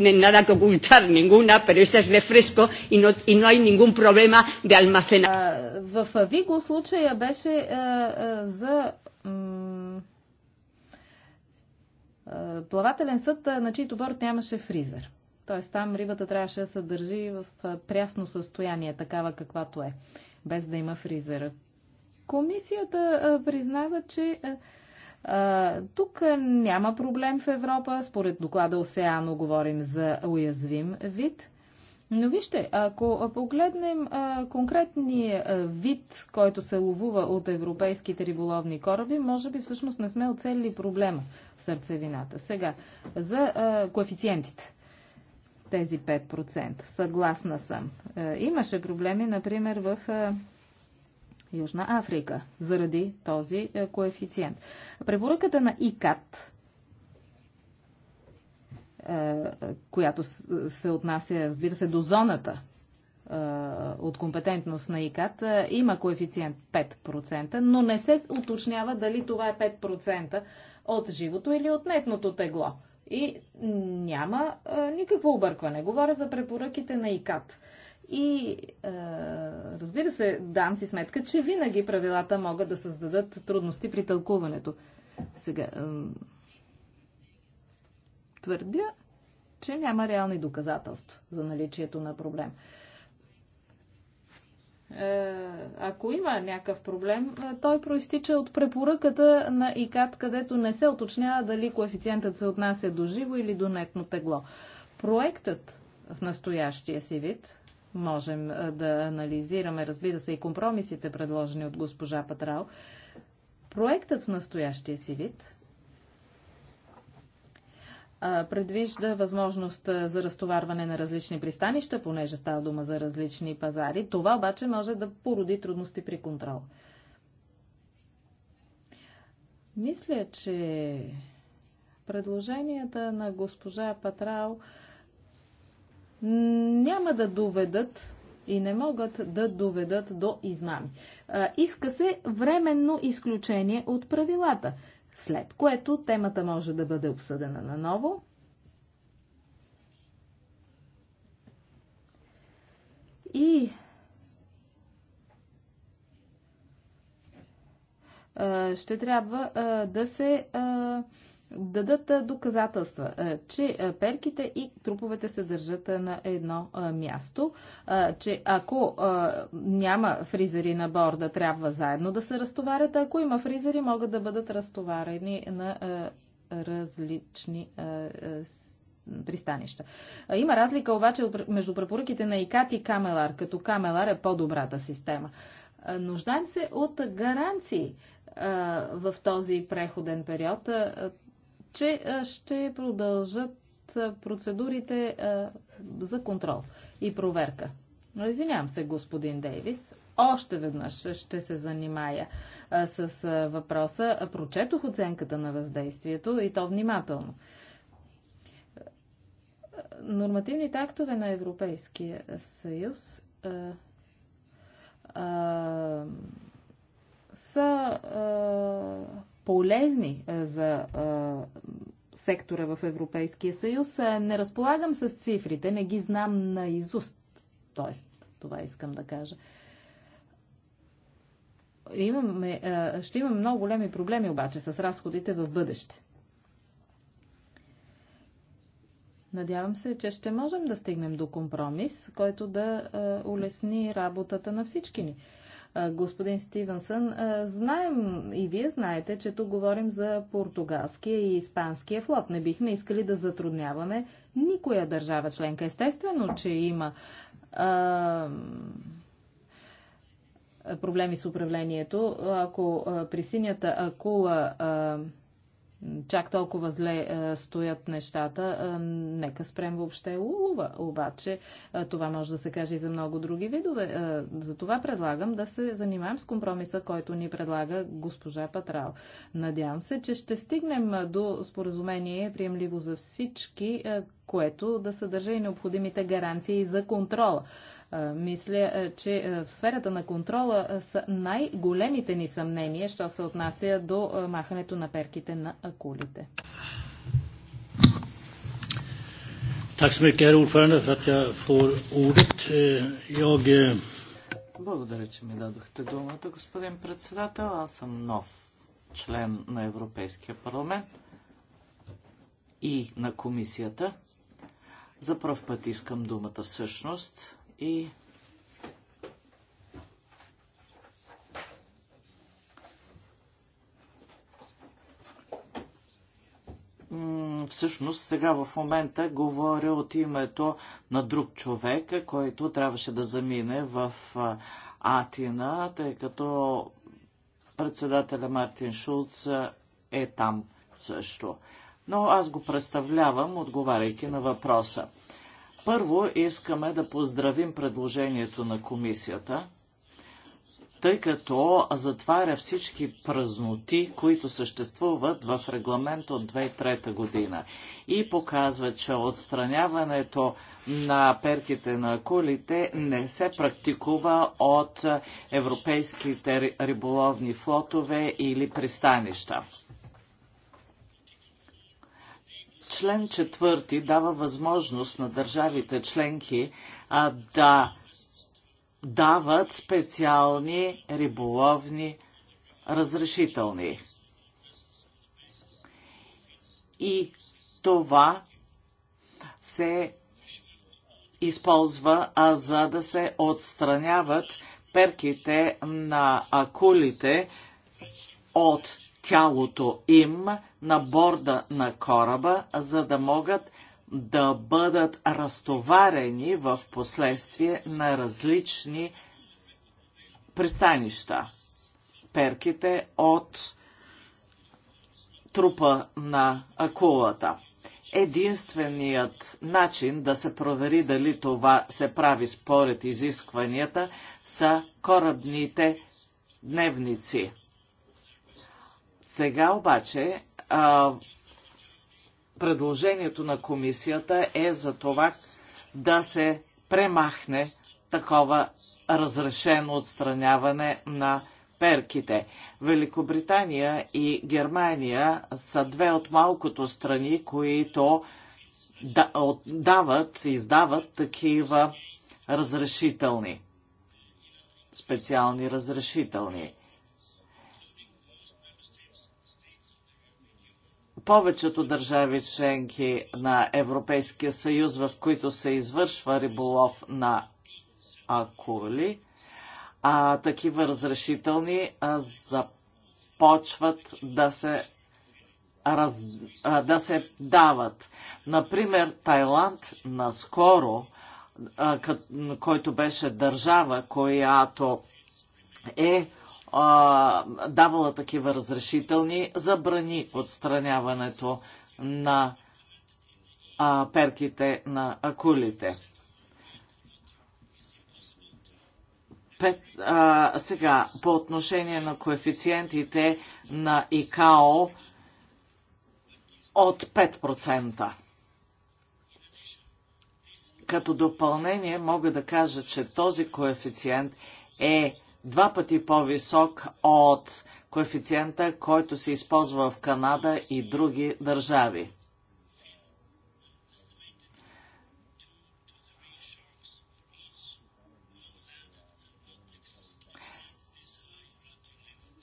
Не, tienen е да que ocultar ninguna, pero esa es refresco y no, y no hay ningún problema de almacenar. В Виго случая беше за плавателен съд, на чийто борт нямаше фризер. Т.е. там рибата трябваше да се държи в прясно състояние, такава каквато е, без да има фризера. Комисията признава, че тук няма проблем в Европа. Според доклада Осеано говорим за уязвим вид. Но вижте, ако погледнем конкретния вид, който се ловува от европейските риболовни кораби, може би всъщност не сме оцелили проблема в сърцевината. Сега, за коефициентите тези 5%. Съгласна съм. Имаше проблеми, например, в Южна Африка заради този е, коефициент. Препоръката на ИКАТ, е, която се отнася, разбира се, до зоната е, от компетентност на ИКАТ, има коефициент 5%, но не се уточнява дали това е 5% от живото или от нетното тегло. И няма никакво объркване. Говоря за препоръките на ИКАТ. И е, разбира се, дам си сметка, че винаги правилата могат да създадат трудности при тълкуването. Сега, е, твърдя, че няма реални доказателства за наличието на проблем. Е, ако има някакъв проблем, е, той проистича от препоръката на ИКАТ, където не се оточнява дали коефициентът се отнася до живо или до нетно тегло. Проектът в настоящия си вид, можем да анализираме, разбира се, и компромисите, предложени от госпожа Патрал. Проектът в настоящия си вид предвижда възможност за разтоварване на различни пристанища, понеже става дума за различни пазари. Това обаче може да породи трудности при контрол. Мисля, че предложенията на госпожа Патрал няма да доведат и не могат да доведат до измами. Иска се временно изключение от правилата, след което темата може да бъде обсъдена наново. И ще трябва да се дадат доказателства, че перките и труповете се държат на едно място, че ако няма фризери на борда, трябва заедно да се разтоварят, а ако има фризери, могат да бъдат разтоварени на различни пристанища. Има разлика обаче между препоръките на ИКАТ и Камелар, като Камелар е по-добрата система. Нуждаем се от гаранции в този преходен период че ще продължат процедурите за контрол и проверка. Извинявам се, господин Дейвис. Още веднъж ще се занимая с въпроса. Прочетох оценката на въздействието и то внимателно. Нормативните актове на Европейския съюз а, а, са а, полезни е, за е, сектора в Европейския съюз. Е, не разполагам с цифрите, не ги знам на изуст. Тоест, това искам да кажа. Имаме, ще имаме много големи проблеми обаче с разходите в бъдеще. Надявам се, че ще можем да стигнем до компромис, който да улесни работата на всички ни. Господин Стивенсън, знаем и вие знаете, че тук говорим за португалския и испанския флот. Не бихме искали да затрудняваме никоя държава членка. Естествено, че има а, проблеми с управлението. Ако а, при синята акула а, чак толкова зле е, стоят нещата, е, нека спрем въобще улова. Обаче е, това може да се каже и за много други видове. Затова предлагам да се занимаем с компромиса, който ни предлага госпожа Патрал. Надявам се, че ще стигнем до споразумение, приемливо за всички, което да съдържа и необходимите гаранции за контрола. Мисля, че в сферата на контрола са най-големите ни съмнения, що се отнася до махането на перките на акулите. Eh, eh, Благодаря, че ми дадохте думата, господин председател. Аз съм нов член на Европейския парламент и на комисията. За първ път искам думата всъщност и всъщност сега в момента говоря от името на друг човек, който трябваше да замине в Атина, тъй като председателя Мартин Шулц е там също но аз го представлявам, отговаряйки на въпроса. Първо искаме да поздравим предложението на комисията, тъй като затваря всички празноти, които съществуват в регламент от 2003 година и показва, че отстраняването на перките на акулите не се практикува от европейските риболовни флотове или пристанища. Член четвърти дава възможност на държавите членки а, да дават специални риболовни разрешителни. И това се използва, а за да се отстраняват перките на акулите от тялото им на борда на кораба, за да могат да бъдат разтоварени в последствие на различни пристанища. Перките от трупа на акулата. Единственият начин да се провери дали това се прави според изискванията са корабните дневници. Сега обаче а, предложението на комисията е за това да се премахне такова разрешено отстраняване на перките. Великобритания и Германия са две от малкото страни, които да, дават, издават такива разрешителни, специални разрешителни. повечето държави членки на Европейския съюз, в които се извършва риболов на акули, а такива разрешителни а, започват да се, раз, а, да се дават. Например, Тайланд наскоро, а, кът, който беше държава, която е а, давала такива разрешителни, забрани отстраняването на а, перките на акулите. Пет, а, сега, по отношение на коефициентите на ИКАО от 5%. Като допълнение мога да кажа, че този коефициент е два пъти по-висок от коефициента, който се използва в Канада и други държави.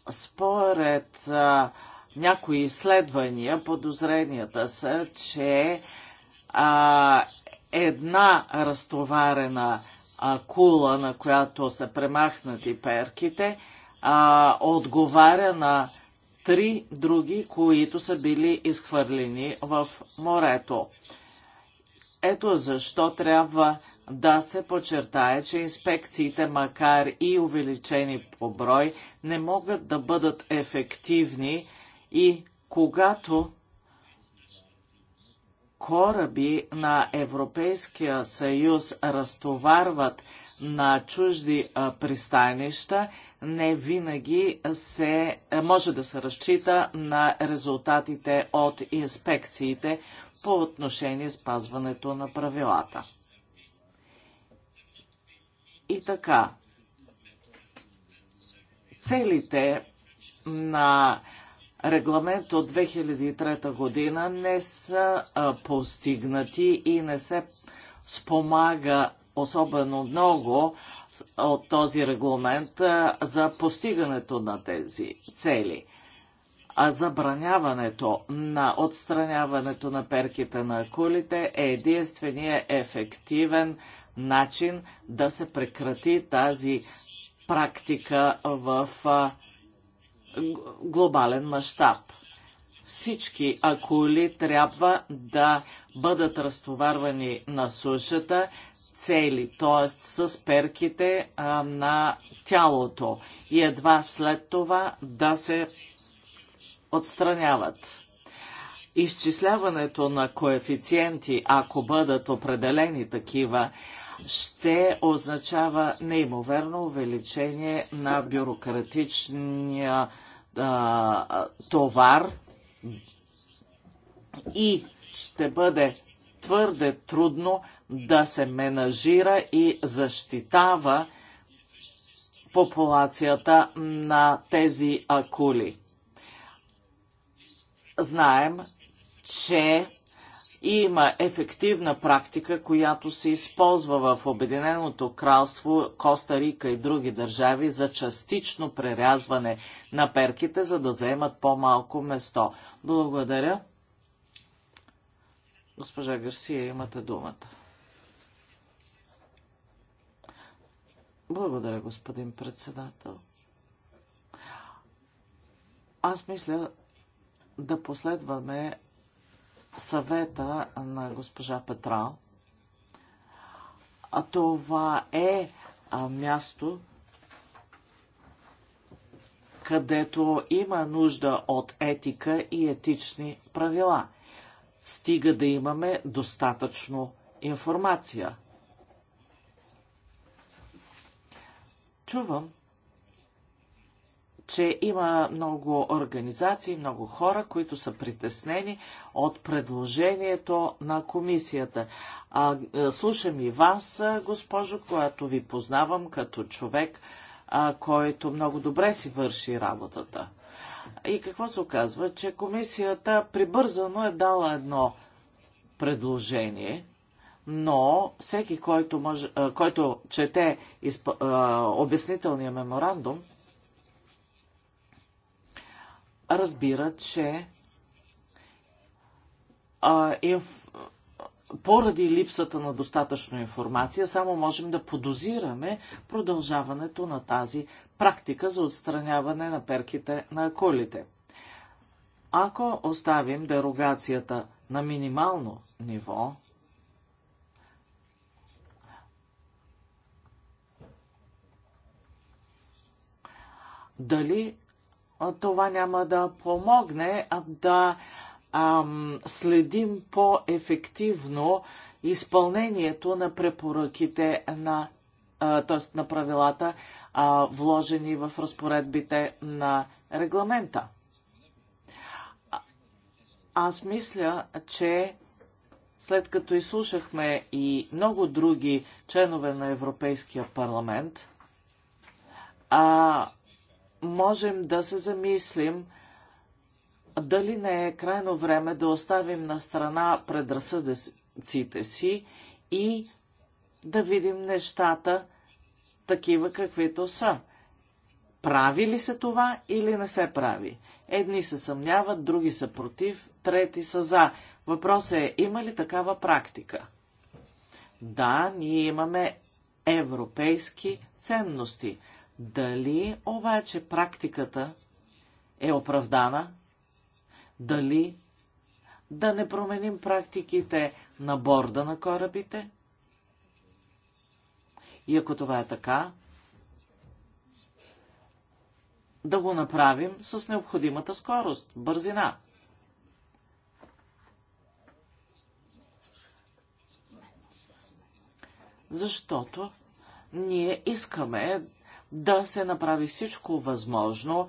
Според а, някои изследвания, подозренията са, че а, една разтоварена а, кула, на която са премахнати перките, а, отговаря на три други, които са били изхвърлени в морето. Ето защо трябва да се подчертае, че инспекциите, макар и увеличени по брой, не могат да бъдат ефективни и когато кораби на Европейския съюз разтоварват на чужди пристанища, не винаги се, може да се разчита на резултатите от инспекциите по отношение спазването на правилата. И така, целите на регламент от 2003 година не са а, постигнати и не се спомага особено много от този регламент а, за постигането на тези цели. А забраняването на отстраняването на перките на кулите е единствения ефективен начин да се прекрати тази практика в а, глобален мащаб. Всички акули трябва да бъдат разтоварвани на сушата цели, т.е. с перките а, на тялото и едва след това да се отстраняват. Изчисляването на коефициенти, ако бъдат определени такива, ще означава неимоверно увеличение на бюрократичния а, товар и ще бъде твърде трудно да се менажира и защитава популацията на тези акули. Знаем, че има ефективна практика, която се използва в Обединеното кралство, Коста Рика и други държави за частично прерязване на перките, за да заемат по-малко место. Благодаря. Госпожа Гарсия, имате думата. Благодаря, господин председател. Аз мисля да последваме съвета на госпожа Петра. А това е а, място, където има нужда от етика и етични правила. Стига да имаме достатъчно информация. Чувам, че има много организации, много хора, които са притеснени от предложението на комисията. А, слушам и вас, госпожо, която ви познавам като човек, а, който много добре си върши работата. И какво се оказва? Че комисията прибързано е дала едно предложение, но всеки, който, може, който чете изп... обяснителния меморандум, разбира, че а, инф... поради липсата на достатъчно информация, само можем да подозираме продължаването на тази практика за отстраняване на перките на колите. Ако оставим дерогацията на минимално ниво, дали това няма да помогне да ам, следим по-ефективно изпълнението на препоръките на т.е. на правилата, а, вложени в разпоредбите на регламента. аз мисля, че след като изслушахме и много други членове на Европейския парламент, а, можем да се замислим дали не е крайно време да оставим на страна предразсъдъците си и да видим нещата такива каквито са. Прави ли се това или не се прави? Едни се съмняват, други са против, трети са за. Въпросът е, има ли такава практика? Да, ние имаме европейски ценности – дали обаче практиката е оправдана? Дали да не променим практиките на борда на корабите? И ако това е така, да го направим с необходимата скорост, бързина. Защото ние искаме да се направи всичко възможно,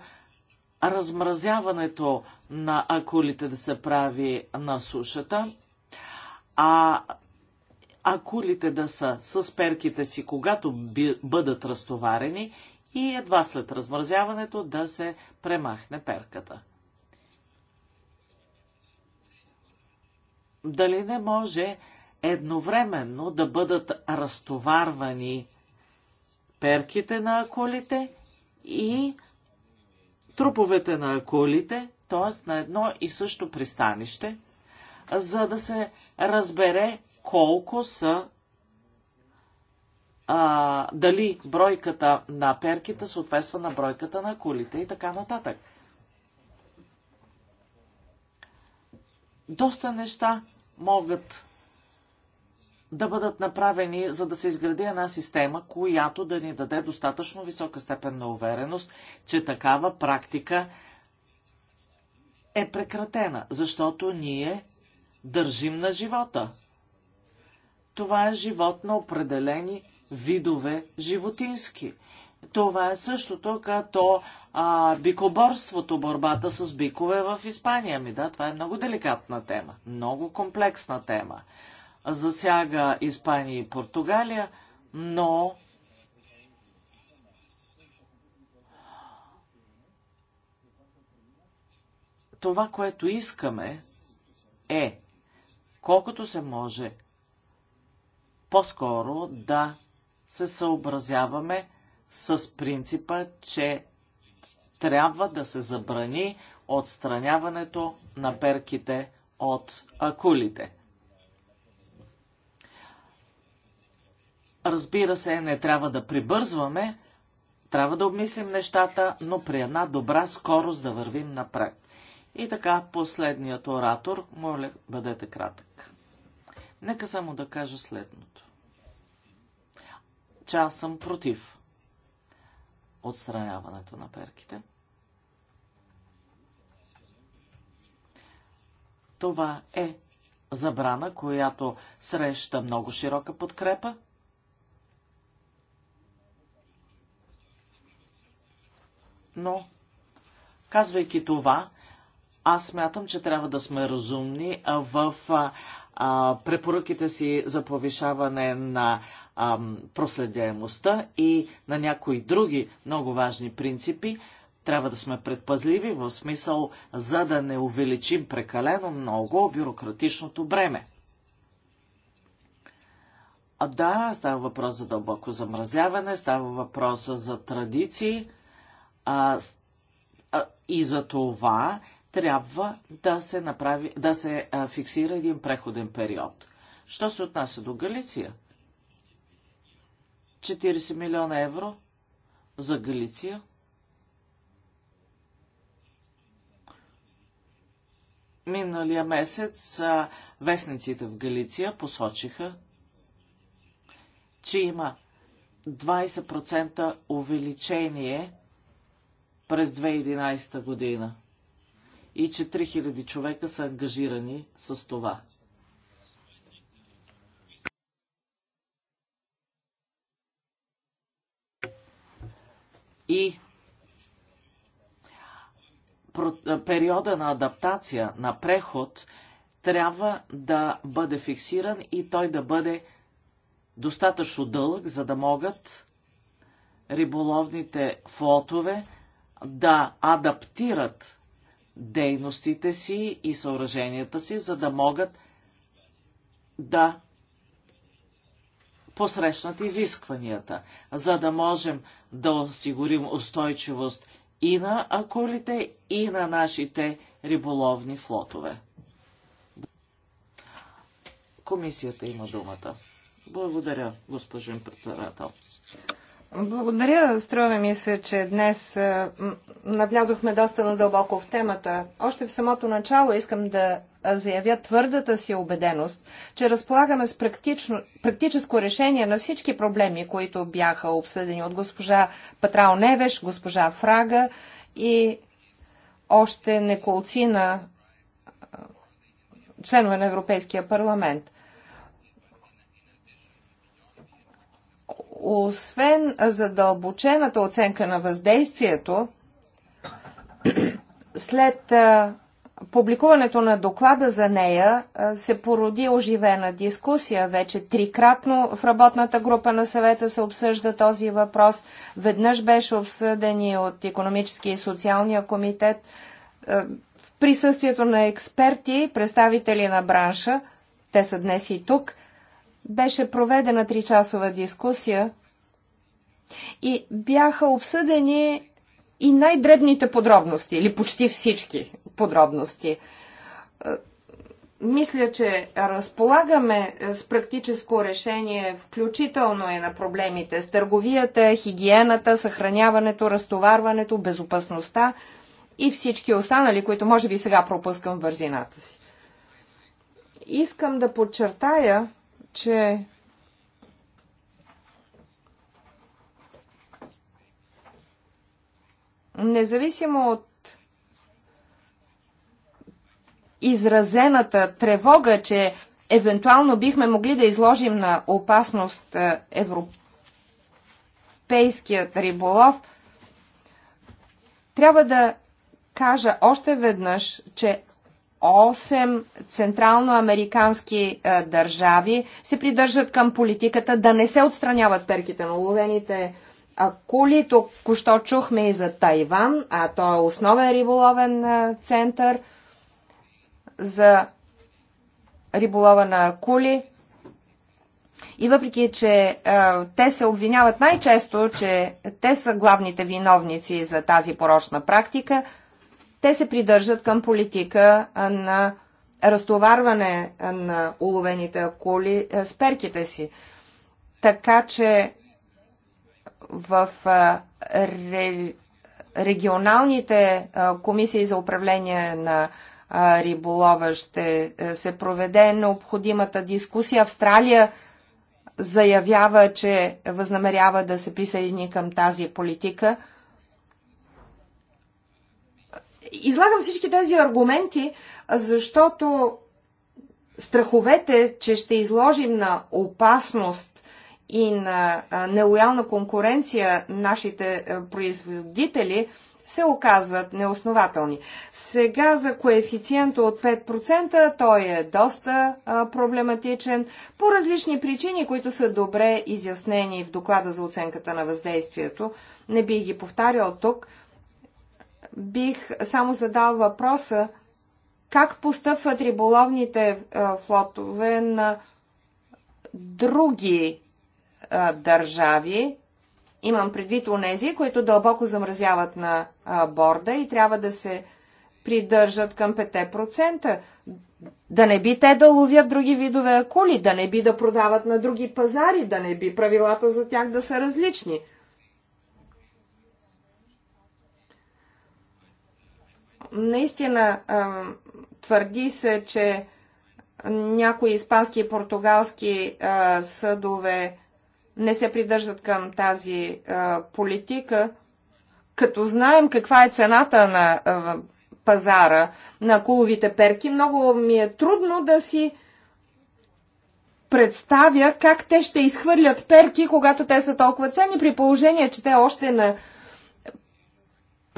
размразяването на акулите да се прави на сушата, а акулите да са с перките си, когато бъдат разтоварени и едва след размразяването да се премахне перката. Дали не може едновременно да бъдат разтоварвани перките на акулите и труповете на акулите, т.е. на едно и също пристанище, за да се разбере колко са а, дали бройката на перките съответства на бройката на акулите и така нататък. Доста неща могат да бъдат направени, за да се изгради една система, която да ни даде достатъчно висока степен на увереност, че такава практика е прекратена, защото ние държим на живота. Това е живот на определени видове животински. Това е същото като а, бикоборството, борбата с бикове в Испания. Ми да, това е много деликатна тема, много комплексна тема засяга Испания и Португалия, но това, което искаме е колкото се може по-скоро да се съобразяваме с принципа, че трябва да се забрани отстраняването на перките от акулите. Разбира се, не трябва да прибързваме, трябва да обмислим нещата, но при една добра скорост да вървим напред. И така, последният оратор, моля, бъдете кратък. Нека само да кажа следното. Че аз съм против отстраняването на перките. Това е забрана, която среща много широка подкрепа но казвайки това, аз смятам, че трябва да сме разумни в а, препоръките си за повишаване на а, проследяемостта и на някои други много важни принципи. Трябва да сме предпазливи в смисъл, за да не увеличим прекалено много бюрократичното бреме. А да, става въпрос за дълбоко замразяване, става въпрос за традиции а, а, и за това трябва да се, направи, да се а, фиксира един преходен период. Що се отнася до Галиция? 40 милиона евро за Галиция. Миналия месец а, вестниците в Галиция посочиха, че има 20% увеличение през 2011 година и 4000 човека са ангажирани с това. И периода на адаптация, на преход, трябва да бъде фиксиран и той да бъде достатъчно дълъг, за да могат риболовните флотове да адаптират дейностите си и съоръженията си, за да могат да посрещнат изискванията, за да можем да осигурим устойчивост и на акулите, и на нашите риболовни флотове. Комисията има думата. Благодаря, госпожин председател. Благодаря. Струва ми се, че днес навлязохме доста надълбоко в темата. Още в самото начало искам да заявя твърдата си убеденост, че разполагаме с практично, практическо решение на всички проблеми, които бяха обсъдени от госпожа Патрао Невеш, госпожа Фрага и още неколци на членове на Европейския парламент – освен задълбочената оценка на въздействието, след публикуването на доклада за нея се породи оживена дискусия. Вече трикратно в работната група на съвета се обсъжда този въпрос. Веднъж беше обсъден и от економическия и социалния комитет в присъствието на експерти, представители на бранша. Те са днес и тук – беше проведена тричасова дискусия и бяха обсъдени и най-дребните подробности, или почти всички подробности. Е, мисля, че разполагаме с практическо решение, включително и на проблемите с търговията, хигиената, съхраняването, разтоварването, безопасността и всички останали, които може би сега пропускам в бързината си. Искам да подчертая, че независимо от изразената тревога, че евентуално бихме могли да изложим на опасност е, европейският риболов, трябва да кажа още веднъж, че 8 централноамерикански е, държави се придържат към политиката да не се отстраняват перките на уловените кули. Току-що чухме и за Тайван, а то е основен риболовен е, център за риболова на кули. И въпреки, че е, те се обвиняват най-често, че те са главните виновници за тази порочна практика – те се придържат към политика на разтоварване на уловените акули с перките си. Така че в регионалните комисии за управление на риболова ще се проведе необходимата дискусия. Австралия заявява, че възнамерява да се присъедини към тази политика – Излагам всички тези аргументи, защото страховете, че ще изложим на опасност и на нелоялна конкуренция нашите производители, се оказват неоснователни. Сега за коефициента от 5% той е доста проблематичен по различни причини, които са добре изяснени в доклада за оценката на въздействието. Не би ги повтарял тук, бих само задал въпроса как постъпват риболовните е, флотове на други е, държави. Имам предвид онези, които дълбоко замразяват на е, борда и трябва да се придържат към 5%. Да не би те да ловят други видове акули, да не би да продават на други пазари, да не би правилата за тях да са различни – наистина твърди се, че някои испански и португалски съдове не се придържат към тази политика, като знаем каква е цената на пазара на куловите перки, много ми е трудно да си представя как те ще изхвърлят перки, когато те са толкова ценни, при положение, че те още на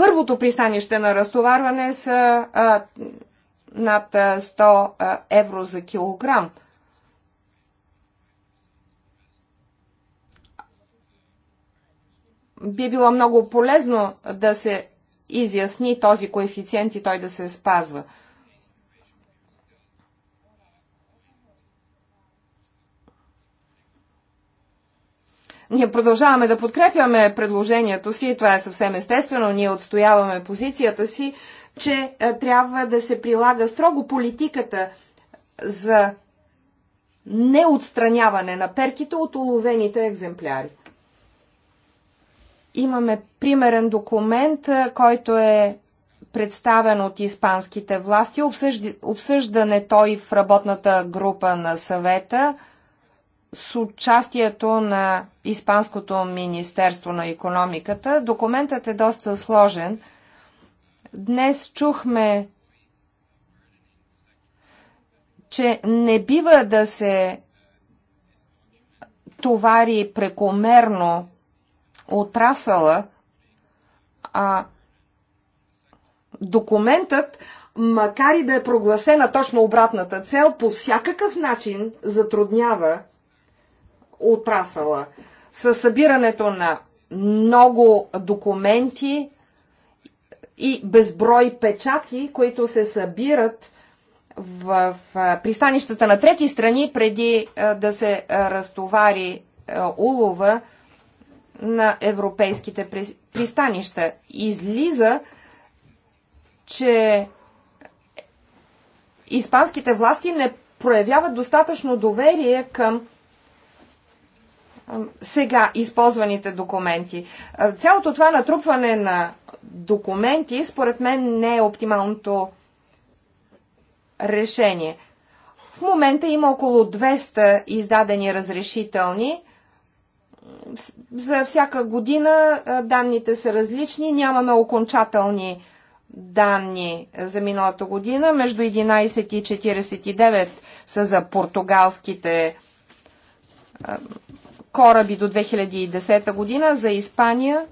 първото пристанище на разтоварване са а, над 100 евро за килограм. Би било много полезно да се изясни този коефициент и той да се спазва. Ние продължаваме да подкрепяме предложението си, това е съвсем естествено, ние отстояваме позицията си, че е, трябва да се прилага строго политиката за неотстраняване на перките от уловените екземпляри. Имаме примерен документ, е, който е представен от испанските власти. обсъждане той в работната група на съвета – с участието на Испанското Министерство на економиката. Документът е доста сложен. Днес чухме, че не бива да се товари прекомерно отрасъла, а документът, макар и да е прогласена точно обратната цел, по всякакъв начин затруднява отрасъла. С събирането на много документи и безброй печати, които се събират в пристанищата на трети страни, преди да се разтовари улова на европейските пристанища. Излиза, че испанските власти не проявяват достатъчно доверие към сега използваните документи. Цялото това натрупване на документи, според мен, не е оптималното решение. В момента има около 200 издадени разрешителни. За всяка година данните са различни. Нямаме окончателни данни за миналата година. Между 11 и 49 са за португалските кораби до 2010 година, за Испания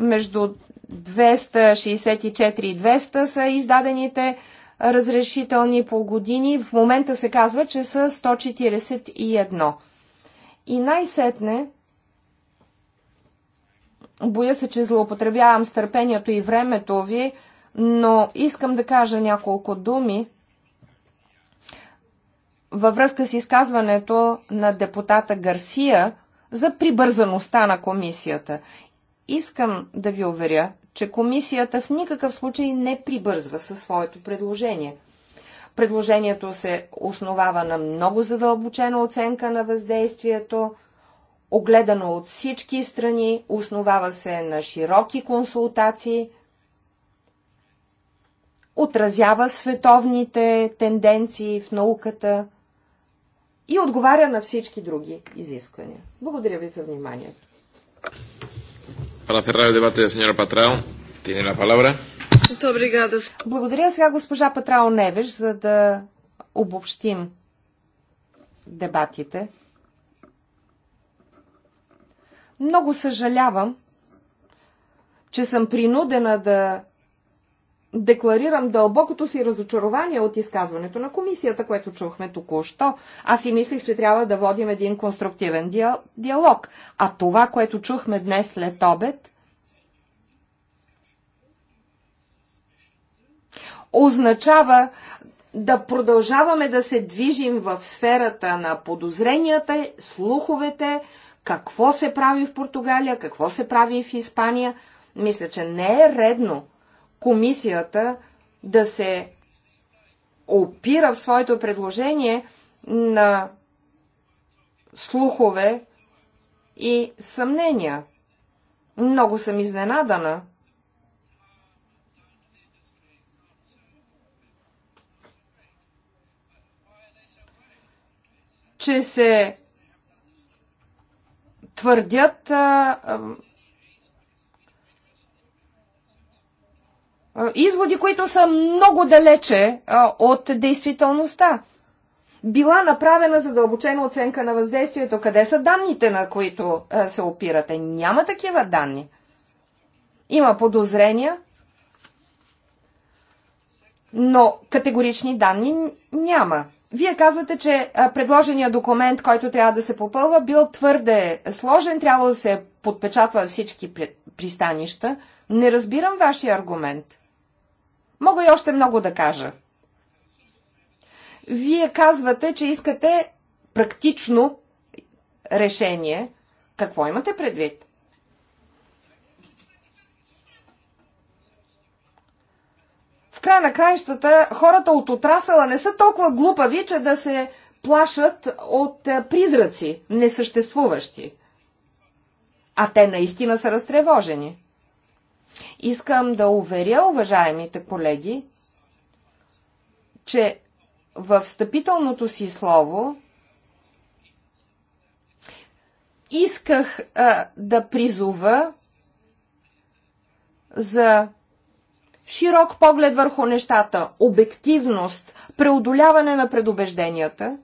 между 264 и 200 са издадените разрешителни по години. В момента се казва, че са 141. И най-сетне, боя се, че злоупотребявам с търпението и времето ви, но искам да кажа няколко думи във връзка с изказването на депутата Гарсия за прибързаността на комисията. Искам да ви уверя, че комисията в никакъв случай не прибързва със своето предложение. Предложението се основава на много задълбочена оценка на въздействието, огледано от всички страни, основава се на широки консултации, отразява световните тенденции в науката – и отговаря на всички други изисквания. Благодаря ви за вниманието. Para cerrar el debate, señora Patrao, tiene la palabra. Благодаря сега госпожа Патрао Невеш, за да обобщим дебатите. Много съжалявам, че съм принудена да декларирам дълбокото си разочарование от изказването на комисията, което чухме току-що. Аз си мислих, че трябва да водим един конструктивен диалог. А това, което чухме днес след обед, означава да продължаваме да се движим в сферата на подозренията, слуховете, какво се прави в Португалия, какво се прави в Испания. Мисля, че не е редно – комисията да се опира в своето предложение на слухове и съмнения. Много съм изненадана. че се твърдят а, а, изводи, които са много далече от действителността. Била направена задълбочена оценка на въздействието. Къде са данните, на които се опирате? Няма такива данни. Има подозрения, но категорични данни няма. Вие казвате, че предложения документ, който трябва да се попълва, бил твърде сложен, трябва да се подпечатва всички пристанища. Не разбирам вашия аргумент. Мога и още много да кажа. Вие казвате, че искате практично решение. Какво имате предвид? В края на краищата хората от отрасъла не са толкова глупави, че да се плашат от е, призраци, несъществуващи. А те наистина са разтревожени. Искам да уверя уважаемите колеги, че в встъпителното си слово исках а, да призова за широк поглед върху нещата, обективност, преодоляване на предубежденията.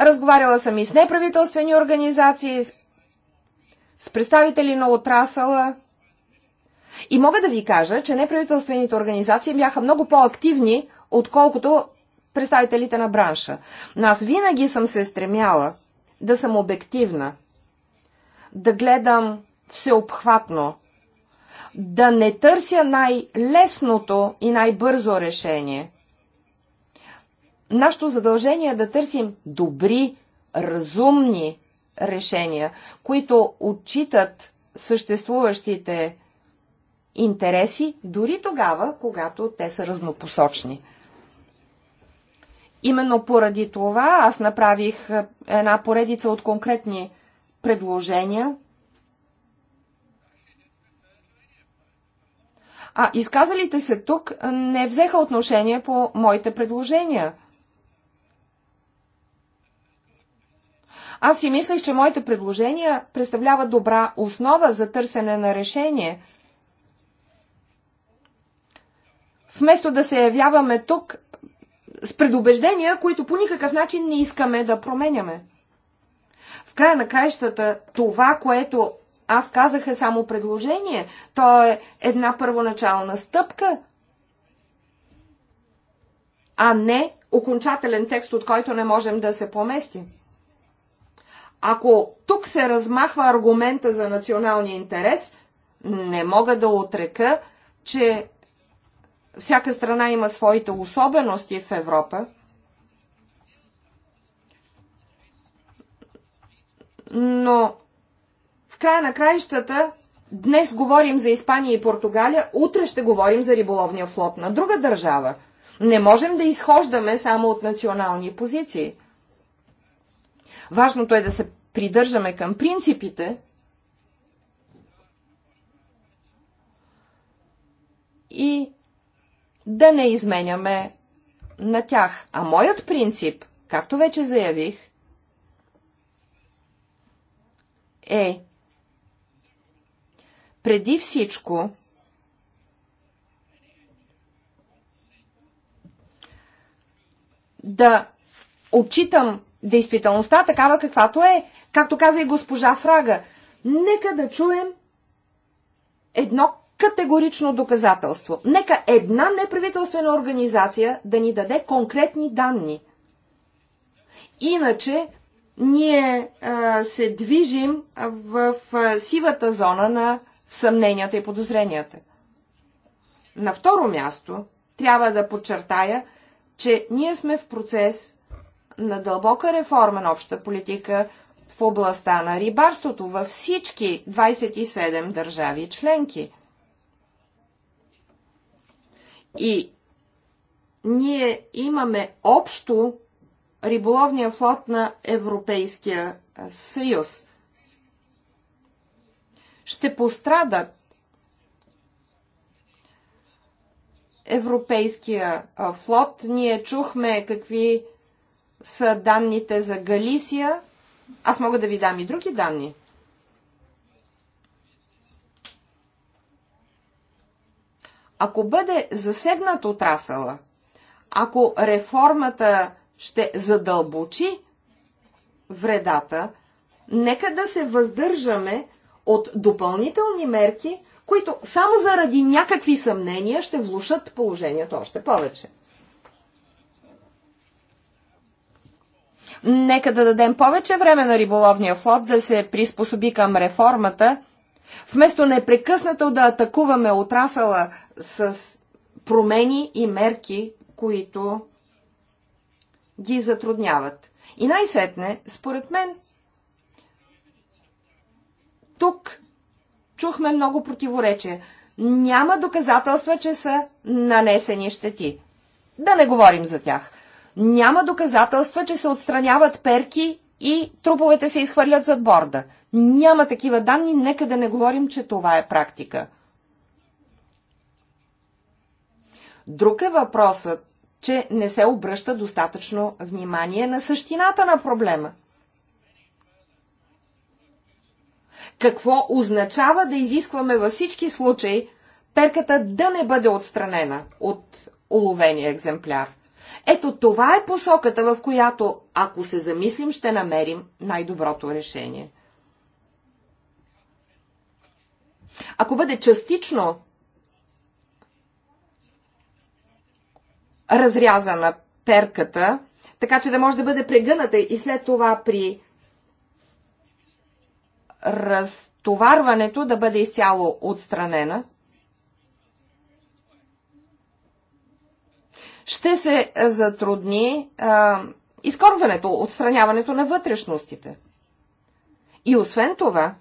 Разговаряла съм и с неправителствени организации, с представители на отрасъла. И мога да ви кажа, че неправителствените организации бяха много по-активни, отколкото представителите на бранша. Но аз винаги съм се стремяла да съм обективна, да гледам всеобхватно, да не търся най-лесното и най-бързо решение. Нашето задължение е да търсим добри, разумни решения, които отчитат съществуващите интереси, дори тогава, когато те са разнопосочни. Именно поради това аз направих една поредица от конкретни предложения. А изказалите се тук не взеха отношение по моите предложения – Аз си мислех, че моите предложения представляват добра основа за търсене на решение. Вместо да се явяваме тук с предубеждения, които по никакъв начин не искаме да променяме. В края на краищата, това, което аз казах е само предложение. То е една първоначална стъпка, а не окончателен текст, от който не можем да се поместим. Ако тук се размахва аргумента за националния интерес, не мога да отрека, че всяка страна има своите особености в Европа. Но в края на краищата днес говорим за Испания и Португалия, утре ще говорим за риболовния флот на друга държава. Не можем да изхождаме само от национални позиции – Важното е да се придържаме към принципите и да не изменяме на тях. А моят принцип, както вече заявих, е преди всичко да отчитам действителността такава каквато е, както каза и госпожа Фрага. Нека да чуем едно категорично доказателство. Нека една неправителствена организация да ни даде конкретни данни. Иначе ние а, се движим в а, сивата зона на съмненията и подозренията. На второ място трябва да подчертая, че ние сме в процес на дълбока реформа на обща политика в областта на рибарството във всички 27 държави членки. И ние имаме общо риболовния флот на Европейския съюз. Ще пострадат европейския флот. Ние чухме какви са данните за Галисия. Аз мога да ви дам и други данни. Ако бъде засегнат отрасъла, ако реформата ще задълбочи вредата, нека да се въздържаме от допълнителни мерки, които само заради някакви съмнения ще влушат положението още повече. Нека да дадем повече време на риболовния флот да се приспособи към реформата, вместо непрекъснато да атакуваме отрасъла с промени и мерки, които ги затрудняват. И най-сетне, според мен, тук чухме много противоречия. Няма доказателства, че са нанесени щети. Да не говорим за тях. Няма доказателства, че се отстраняват перки и труповете се изхвърлят зад борда. Няма такива данни, нека да не говорим, че това е практика. Друг е въпросът, че не се обръща достатъчно внимание на същината на проблема. Какво означава да изискваме във всички случаи перката да не бъде отстранена от уловения екземпляр? Ето това е посоката, в която, ако се замислим, ще намерим най-доброто решение. Ако бъде частично разрязана перката, така че да може да бъде прегъната и след това при разтоварването да бъде изцяло отстранена, ще се е, затрудни а, е, изкорването, отстраняването на вътрешностите. И освен това,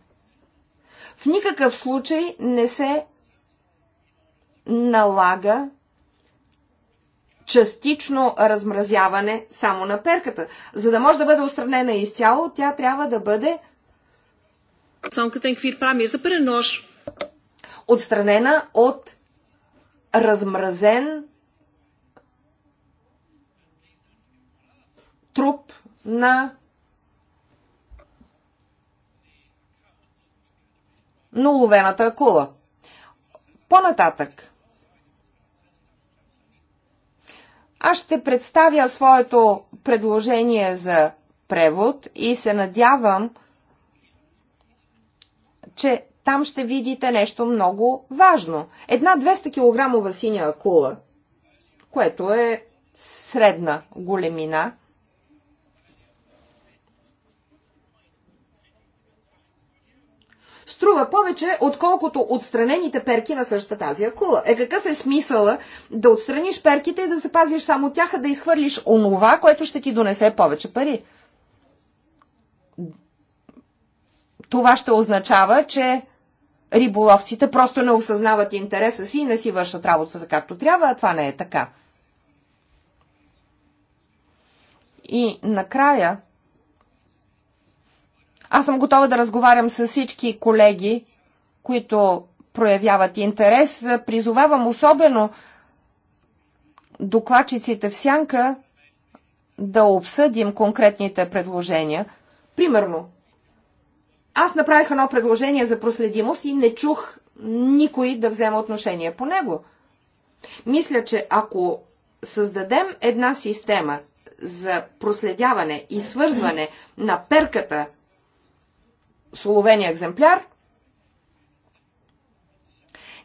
в никакъв случай не се налага частично размразяване само на перката. За да може да бъде отстранена изцяло, тя трябва да бъде само като енквир прами е за a Отстранена от размразен труп на на уловената акула. По-нататък. Аз ще представя своето предложение за превод и се надявам, че там ще видите нещо много важно. Една 200 кг синя акула, което е средна големина – струва повече, отколкото отстранените перки на същата тази акула. Е какъв е смисъла да отстраниш перките и да запазиш само тях, а да изхвърлиш онова, което ще ти донесе повече пари? Това ще означава, че риболовците просто не осъзнават интереса си и не си вършат работата както трябва, а това не е така. И накрая, аз съм готова да разговарям с всички колеги, които проявяват интерес. Призовавам особено докладчиците в сянка да обсъдим конкретните предложения. Примерно, аз направих едно предложение за проследимост и не чух никой да взема отношение по него. Мисля, че ако създадем една система за проследяване и свързване на перката уловения екземпляр,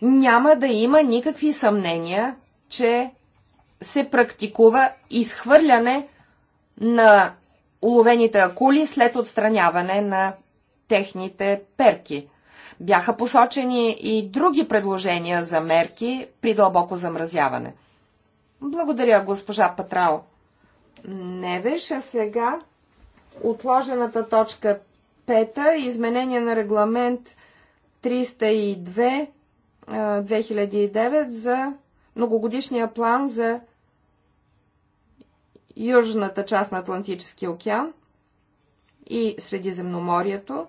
няма да има никакви съмнения, че се практикува изхвърляне на уловените акули след отстраняване на техните перки. Бяха посочени и други предложения за мерки при дълбоко замразяване. Благодаря, госпожа Патрао. Не беше сега отложената точка пета, изменение на регламент 302-2009 за многогодишния план за южната част на Атлантическия океан и Средиземноморието.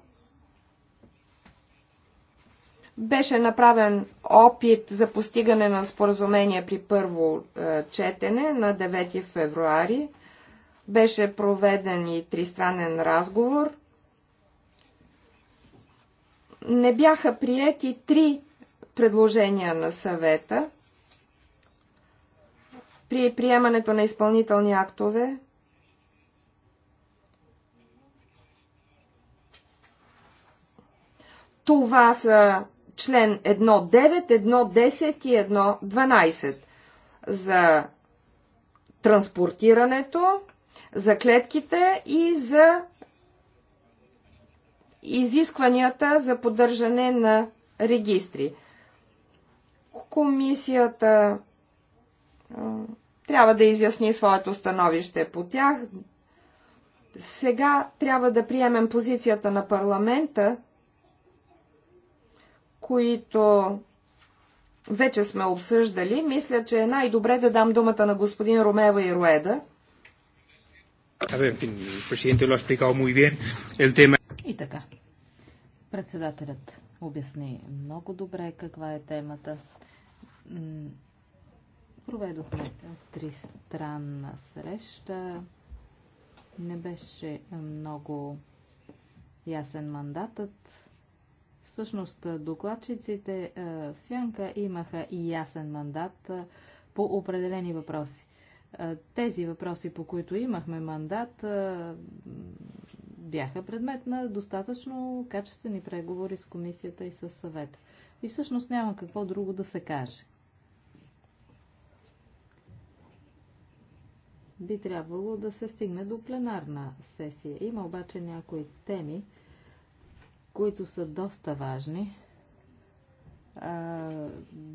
Беше направен опит за постигане на споразумение при първо е, четене на 9 февруари. Беше проведен и тристранен разговор – не бяха приети три предложения на съвета при приемането на изпълнителни актове. Това са член 1.9, 1.10 и 1.12 за транспортирането, за клетките и за изискванията за поддържане на регистри. Комисията трябва да изясни своето становище по тях. Сега трябва да приемем позицията на парламента, които вече сме обсъждали. Мисля, че е най-добре да дам думата на господин Ромева и Руеда. И така. Председателят обясни много добре каква е темата. Проведохме три странна среща. Не беше много ясен мандатът. Всъщност докладчиците в Сянка имаха и ясен мандат по определени въпроси. Тези въпроси, по които имахме мандат, бяха предмет на достатъчно качествени преговори с комисията и с съвета. И всъщност няма какво друго да се каже. Би трябвало да се стигне до пленарна сесия. Има обаче някои теми, които са доста важни. А,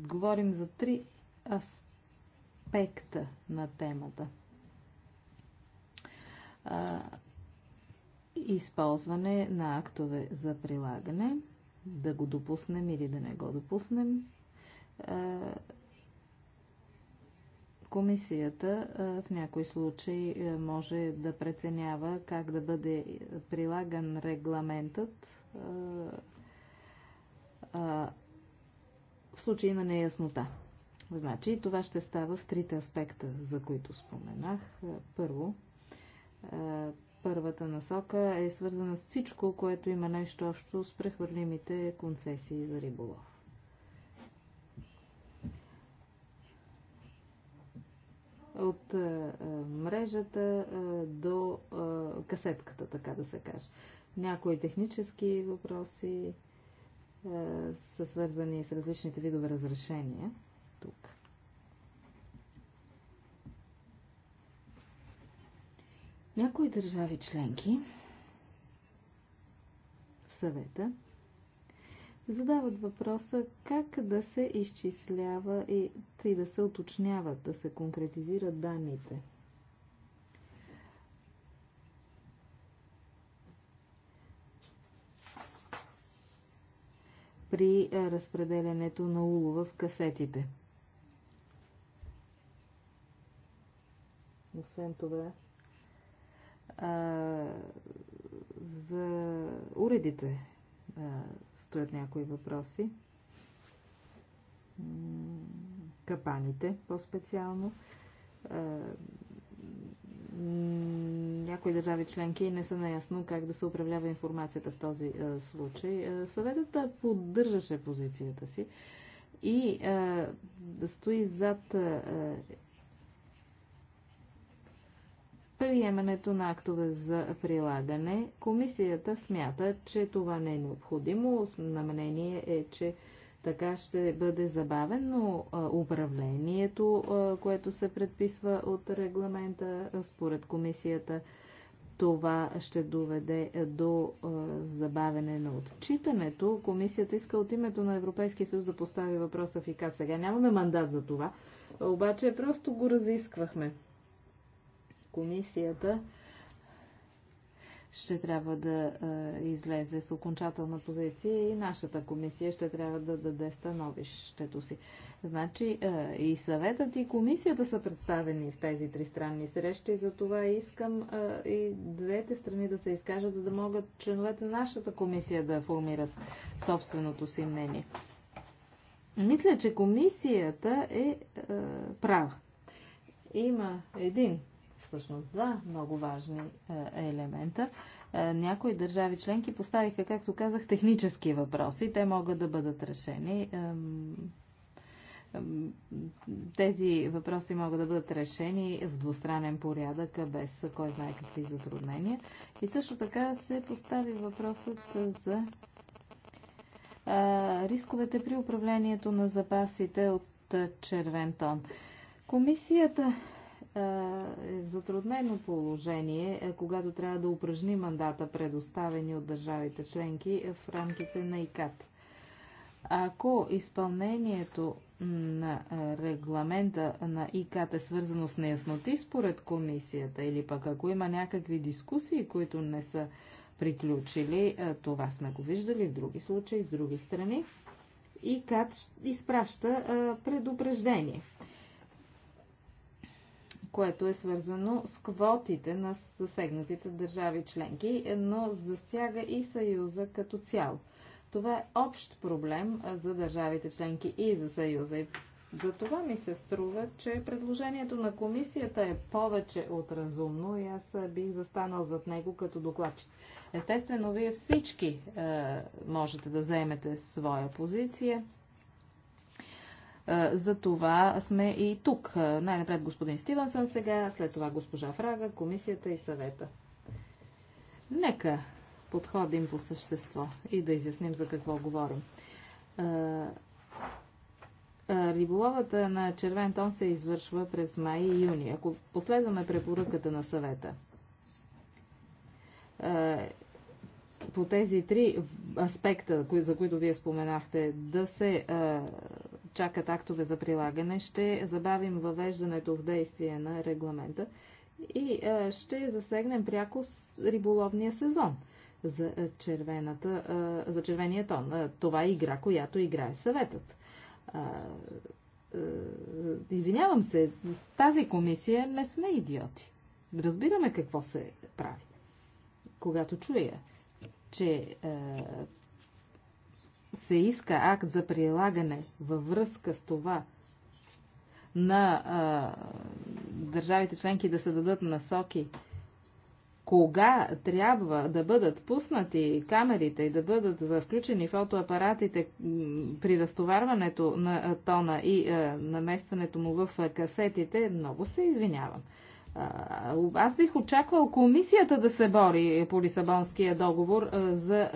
говорим за три аспекта на темата. А, използване на актове за прилагане, да го допуснем или да не го допуснем. Комисията в някои случаи може да преценява как да бъде прилаган регламентът в случай на неяснота. Значи това ще става в трите аспекта, за които споменах. Първо, Първата насока е свързана с всичко, което има нещо общо с прехвърлимите концесии за риболов. от а, е, е, мрежата а, е, до а, касетката, така да се каже. Някои технически въпроси а, са свързани с различните видове разрешения тук. Някои държави членки в съвета задават въпроса как да се изчислява и, и да се уточняват, да се конкретизират данните. при разпределянето на улова в касетите. Освен това, а, за уредите а, стоят някои въпроси. Капаните по-специално. Някои държави членки не са наясно как да се управлява информацията в този а, случай. Съветът поддържаше позицията си и а, да стои зад а, приемането на актове за прилагане. Комисията смята, че това не е необходимо. мнение е, че така ще бъде забавено управлението, което се предписва от регламента. Според комисията това ще доведе до забавене на отчитането. Комисията иска от името на Европейския съюз да постави въпроса в ИКА. Сега нямаме мандат за това, обаче просто го разисквахме комисията ще трябва да излезе с окончателна позиция и нашата комисия ще трябва да даде становището си. Значи и съветът и комисията са представени в тези тристранни срещи, За това искам и двете страни да се изкажат, за да могат членовете на нашата комисия да формират собственото си мнение. Мисля, че комисията е, е права. Има един всъщност два много важни е, елемента. Е, някои държави членки поставиха, както казах, технически въпроси. Те могат да бъдат решени. Тези въпроси могат да бъдат решени в двустранен порядък, без кой знае какви затруднения. И също така се постави въпросът е, за рисковете при управлението на запасите от червен тон. Комисията е в затруднено положение, е, когато трябва да упражни мандата, предоставени от държавите членки е, в рамките на ИКАТ. Ако изпълнението на е, регламента на ИКАТ е свързано с неясноти според комисията или пък ако има някакви дискусии, които не са приключили, това сме го виждали в други случаи, с други страни, ИКАТ изпраща предупреждение което е свързано с квотите на засегнатите държави членки, но засяга и Съюза като цяло. Това е общ проблем за държавите членки и за Съюза. И за това ми се струва, че предложението на комисията е повече от разумно и аз бих застанал зад него като докладчик. Естествено, вие всички е, можете да заемете своя позиция. За това сме и тук. Най-напред господин Стивенсън сега, след това госпожа Фрага, комисията и съвета. Нека подходим по същество и да изясним за какво говорим. Риболовата на червен тон се извършва през май и юни. Ако последваме препоръката на съвета, по тези три аспекта, за които вие споменахте, да се чакат актове за прилагане, ще забавим въвеждането в действие на регламента и е, ще засегнем пряко с риболовния сезон за, червената, е, за червения тон. Е, това е игра, която играе съветът. Извинявам се, тази комисия не сме идиоти. Разбираме какво се прави. Когато чуя, че се иска акт за прилагане във връзка с това на а, държавите членки да се дадат насоки, кога трябва да бъдат пуснати камерите и да бъдат включени фотоапаратите при разтоварването на тона и а, наместването му в касетите, много се извинявам. Аз бих очаквал комисията да се бори по Лисабонския договор за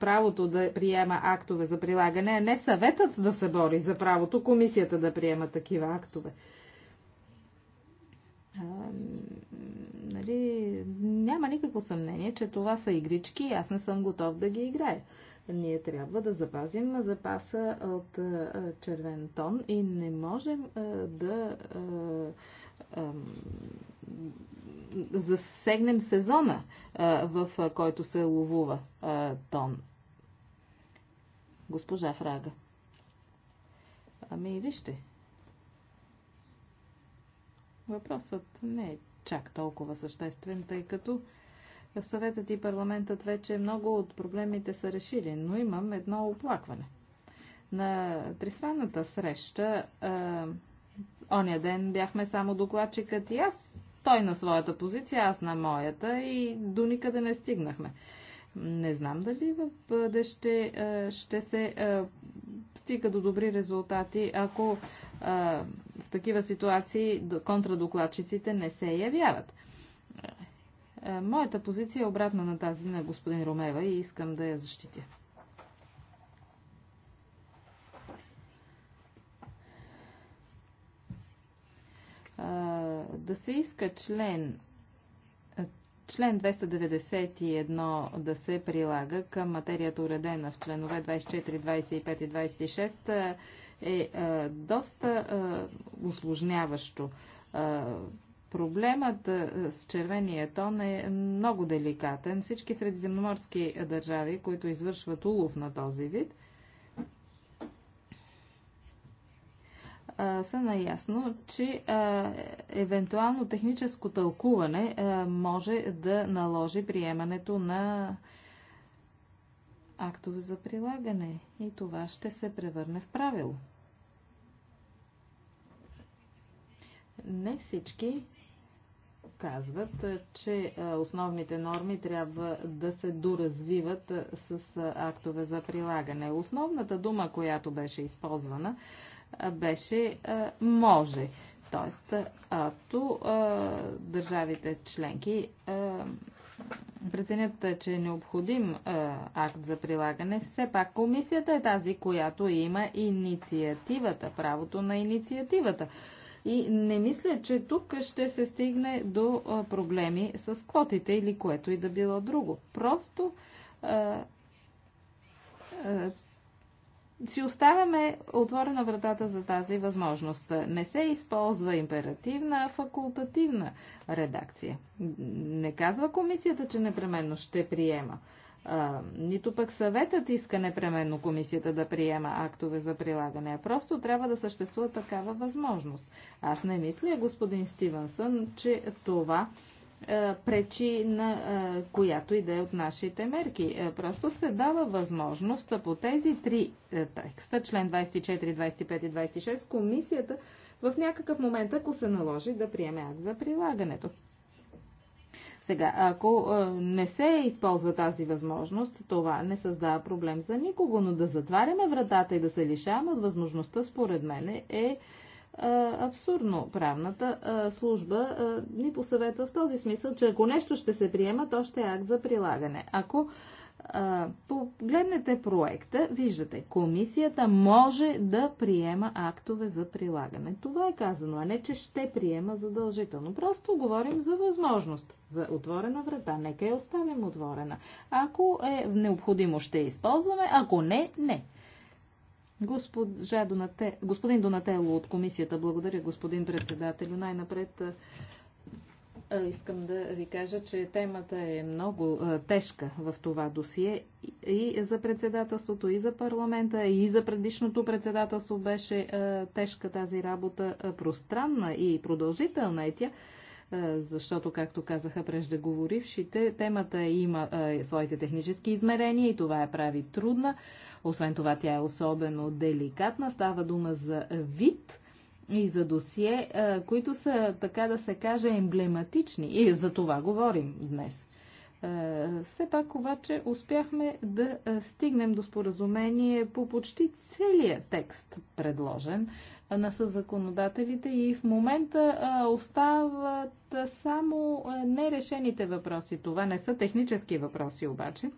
правото да приема актове за прилагане, а не съветът да се бори за правото комисията да приема такива актове. нали, няма никакво съмнение, че това са игрички и аз не съм готов да ги играя. Ние трябва да запазим запаса от червен тон и не можем да засегнем сезона, в който се ловува тон. Госпожа Фрага. Ами, вижте. Въпросът не е чак толкова съществен, тъй като съветът и парламентът вече много от проблемите са решили, но имам едно оплакване. На тристранната среща Оня ден бяхме само докладчикът и аз. Той на своята позиция, аз на моята и до никъде не стигнахме. Не знам дали в бъдеще е, ще се е, стига до добри резултати, ако е, в такива ситуации контрадокладчиците не се явяват. Моята позиция е обратна на тази на господин Ромева и искам да я защитя. да се иска член член 291 да се прилага към материята уредена в членове 24, 25 и 26 е, е доста е, усложняващо. Е, проблемът с червения тон е много деликатен. Всички средиземноморски държави, които извършват улов на този вид, са наясно, че а, евентуално техническо тълкуване а, може да наложи приемането на актове за прилагане и това ще се превърне в правило. Не всички казват, че основните норми трябва да се доразвиват с актове за прилагане. Основната дума, която беше използвана, беше може. Тоест, ато държавите членки преценят, че е необходим акт за прилагане, все пак комисията е тази, която има инициативата, правото на инициативата. И не мисля, че тук ще се стигне до проблеми с квотите или което и да било друго. Просто си оставяме отворена вратата за тази възможност. Не се използва императивна, а факултативна редакция. Не казва комисията, че непременно ще приема. А, нито пък съветът иска непременно комисията да приема актове за прилагане, а просто трябва да съществува такава възможност. Аз не мисля, господин Стивенсън, че това е, пречи на е, която и да е от нашите мерки. Е, просто се дава възможност по тези три текста, член 24, 25 и 26, комисията в някакъв момент, ако се наложи, да приеме акт за прилагането. Сега, ако не се използва тази възможност, това не създава проблем за никого, но да затваряме вратата и да се лишаваме от възможността, според мен, е абсурдно. Правната служба ни посъветва в този смисъл, че ако нещо ще се приема, то ще е акт за прилагане. Ако погледнете проекта, виждате, комисията може да приема актове за прилагане. Това е казано, а не, че ще приема задължително. Просто говорим за възможност за отворена врата. Нека я оставим отворена. Ако е необходимо, ще използваме. Ако не, не. Госпожа Донате, господин Донателло от комисията, благодаря господин председател. Най-напред искам да ви кажа, че темата е много тежка в това досие и за председателството, и за парламента, и за предишното председателство беше тежка тази работа, пространна и продължителна е тя защото, както казаха преждеговорившите, темата има своите технически измерения и това я прави трудна. Освен това, тя е особено деликатна. Става дума за вид и за досие, които са, така да се каже, емблематични. И за това говорим днес. Е, все пак обаче успяхме да е, стигнем до споразумение по почти целия текст предложен е, на съзаконодателите и в момента остават само нерешените въпроси. Това не са технически въпроси обаче.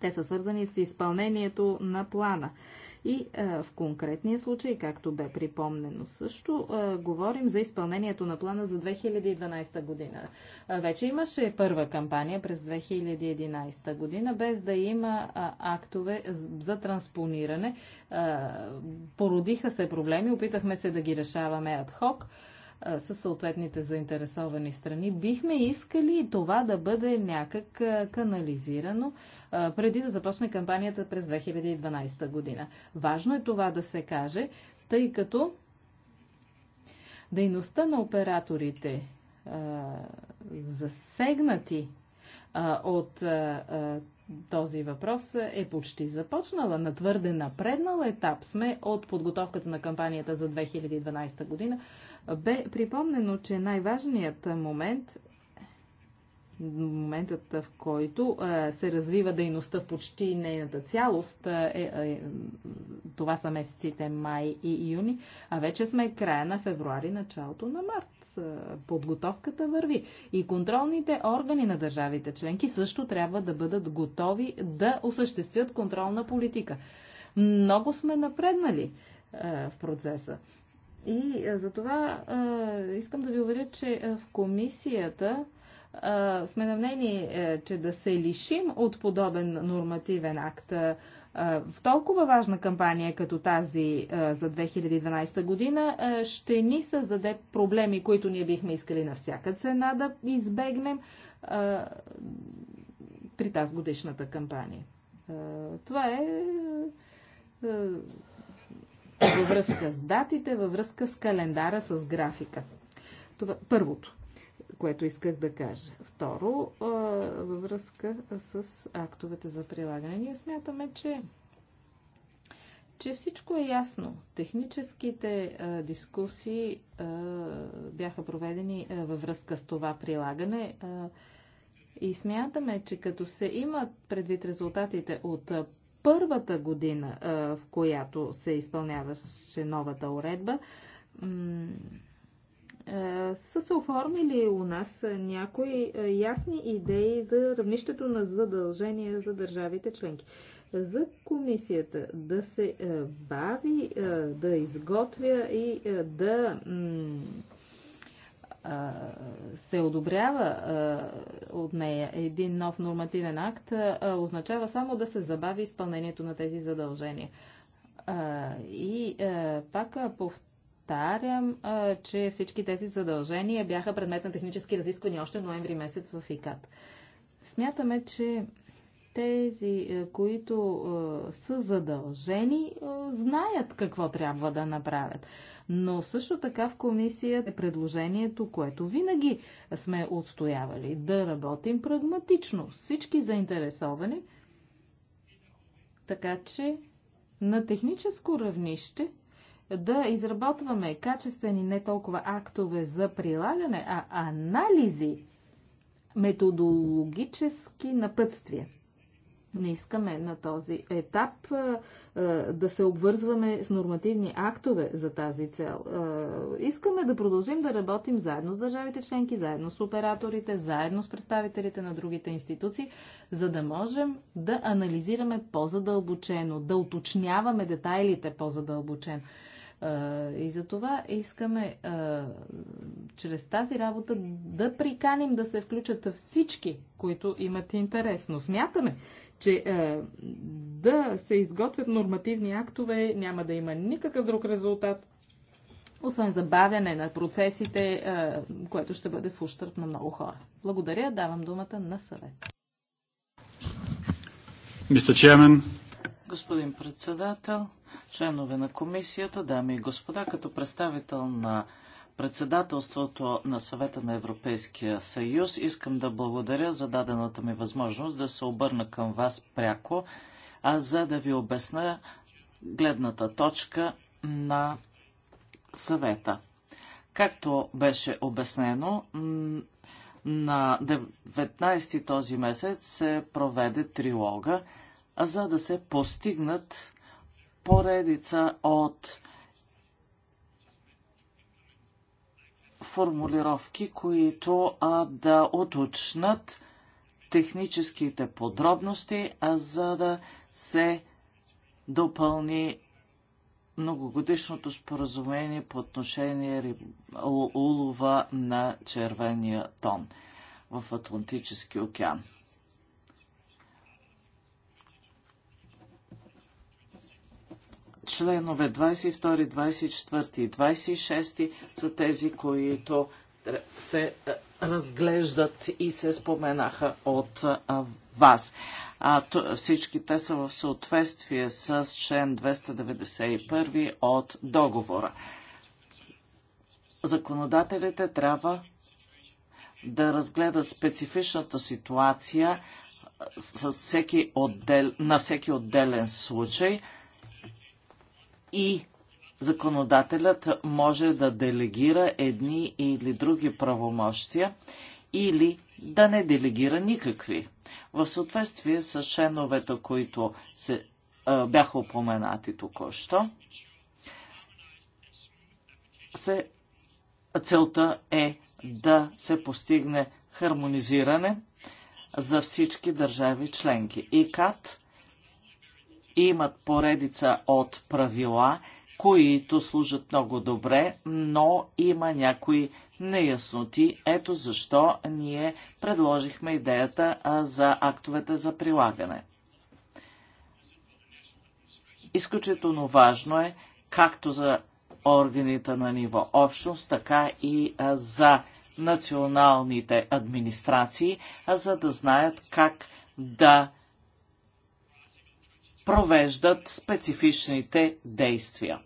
Те са свързани с изпълнението на плана. И а, в конкретния случай, както бе припомнено също, а, говорим за изпълнението на плана за 2012 година. А, вече имаше първа кампания през 2011 година, без да има а, актове за транспониране. А, породиха се проблеми, опитахме се да ги решаваме адхок. хок с съответните заинтересовани страни. Бихме искали това да бъде някак канализирано преди да започне кампанията през 2012 година. Важно е това да се каже, тъй като дейността на операторите засегнати от този въпрос е почти започнала. На твърде напреднал етап сме от подготовката на кампанията за 2012 година. Бе припомнено, че най-важният момент моментът, в който се развива дейността в почти нейната цялост, е, е, това са месеците май и юни, а вече сме края на февруари, началото на март. подготовката върви. И контролните органи на държавите членки също трябва да бъдат готови да осъществят контролна политика. Много сме напреднали в процеса. И е, за това е, искам да ви уверя, че е, в комисията сме на мнение, че да се лишим от подобен нормативен акт в толкова важна кампания като тази за 2012 година ще ни създаде проблеми, които ние бихме искали на всяка цена да избегнем при тази годишната кампания. Това е във връзка с датите, във връзка с календара, с графика. Това е първото, което исках да кажа. Второ, във връзка с актовете за прилагане. Ние смятаме, че че всичко е ясно. Техническите а, дискусии а, бяха проведени а, във връзка с това прилагане а, и смятаме, че като се имат предвид резултатите от а, първата година, в която се изпълняваше новата уредба, са се оформили у нас някои ясни идеи за равнището на задължения за държавите членки. За комисията да се бави, да изготвя и да се одобрява от нея един нов нормативен акт, означава само да се забави изпълнението на тези задължения. И пак повтарям, че всички тези задължения бяха предмет на технически разисквания още ноември месец в ИКАТ. Смятаме, че тези, е, които е, са задължени, е, знаят какво трябва да направят. Но също така в комисията е предложението, което винаги сме отстоявали. Да работим прагматично. Всички заинтересовани. Така че на техническо равнище да изработваме качествени не толкова актове за прилагане, а анализи, методологически напътствия. Не искаме на този етап да се обвързваме с нормативни актове за тази цел. Искаме да продължим да работим заедно с държавите членки, заедно с операторите, заедно с представителите на другите институции, за да можем да анализираме по-задълбочено, да уточняваме детайлите по-задълбочено. И за това искаме чрез тази работа да приканим да се включат всички, които имат интерес. Но смятаме, че е, да се изготвят нормативни актове няма да има никакъв друг резултат, освен забавяне на процесите, е, което ще бъде в ущърп на много хора. Благодаря, давам думата на съвет. Господин председател, членове на комисията, дами и господа, като представител на председателството на съвета на Европейския съюз. Искам да благодаря за дадената ми възможност да се обърна към вас пряко, а за да ви обясня гледната точка на съвета. Както беше обяснено, на 19 този месец се проведе трилога, за да се постигнат поредица от формулировки, които а, да уточнат техническите подробности, а за да се допълни многогодишното споразумение по отношение улова на червения тон в Атлантически океан. Членове 22, 24 и 26 са тези, които е, се е, разглеждат и се споменаха от е, вас. А, всички те са в съответствие с член 291 от договора. Законодателите трябва да разгледат специфичната ситуация с всеки отдел, на всеки отделен случай – и законодателят може да делегира едни или други правомощия или да не делегира никакви. В съответствие с членовете, които се, а, бяха упоменати току-що, се, целта е да се постигне хармонизиране за всички държави членки. И КАТ имат поредица от правила, които служат много добре, но има някои неясноти. Ето защо ние предложихме идеята за актовете за прилагане. Изключително важно е, както за органите на ниво общност, така и за националните администрации, за да знаят как да провеждат специфичните действия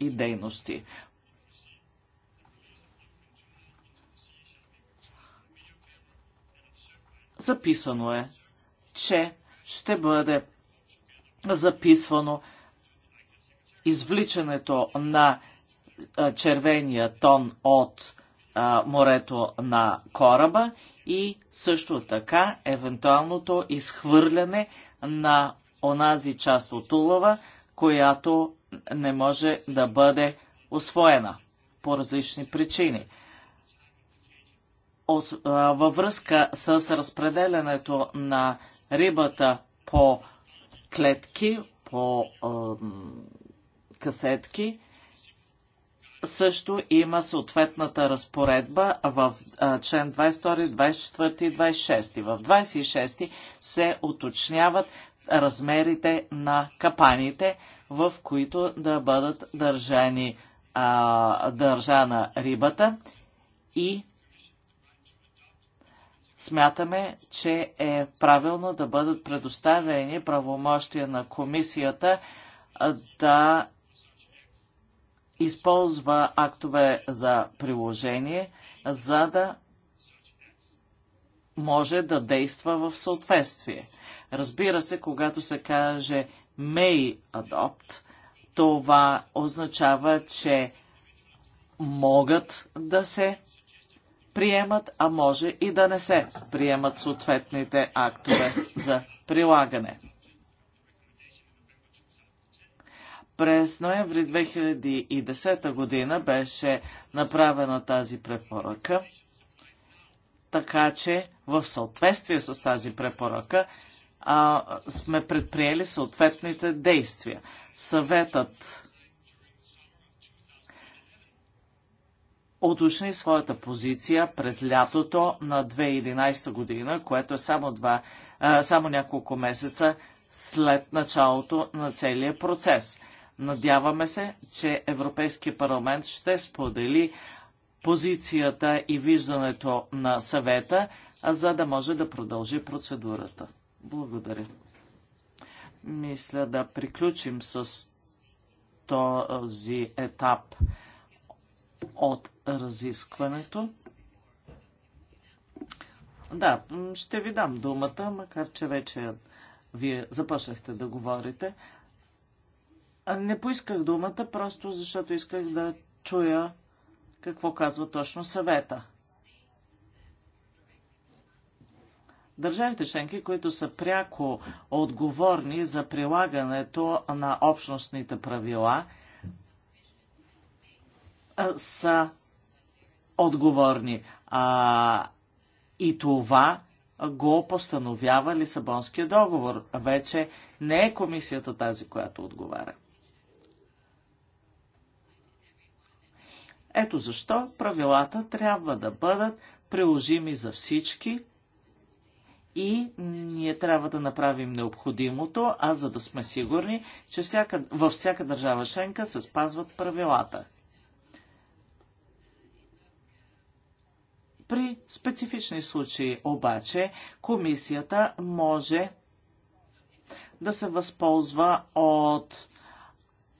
и дейности. Записано е, че ще бъде записвано извличането на червения тон от морето на кораба и също така евентуалното изхвърляне на онази част от улова, която не може да бъде освоена по различни причини. Във връзка с разпределянето на рибата по клетки, по касетки, също има съответната разпоредба в член 22, 24 и 26. В 26 се уточняват размерите на капаните, в които да бъдат държани, а, държана рибата и смятаме, че е правилно да бъдат предоставени правомощия на комисията да използва актове за приложение, за да може да действа в съответствие. Разбира се, когато се каже may adopt, това означава, че могат да се приемат, а може и да не се приемат съответните актове за прилагане. През ноември 2010 година беше направена тази препоръка така че в съответствие с тази препоръка а, сме предприели съответните действия. Съветът уточни своята позиция през лятото на 2011 година, което е само, два, а, само няколко месеца след началото на целия процес. Надяваме се, че Европейския парламент ще сподели позицията и виждането на съвета, за да може да продължи процедурата. Благодаря. Мисля да приключим с този етап от разискването. Да, ще ви дам думата, макар че вече вие започнахте да говорите. Не поисках думата, просто защото исках да чуя какво казва точно съвета. Държавите членки, които са пряко отговорни за прилагането на общностните правила, са отговорни. А, и това го постановява Лисабонския договор. Вече не е комисията тази, която отговаря. Ето защо правилата трябва да бъдат приложими за всички и ние трябва да направим необходимото, а за да сме сигурни, че всяка, във всяка държава шенка се спазват правилата. При специфични случаи обаче комисията може да се възползва от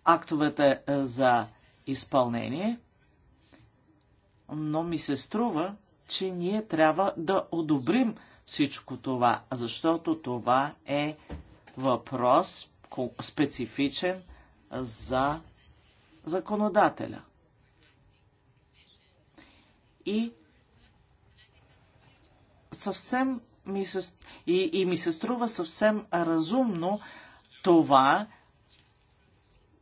актовете за изпълнение – но ми се струва, че ние трябва да одобрим всичко това, защото това е въпрос специфичен за законодателя. И съвсем ми се, и, и ми се струва съвсем разумно това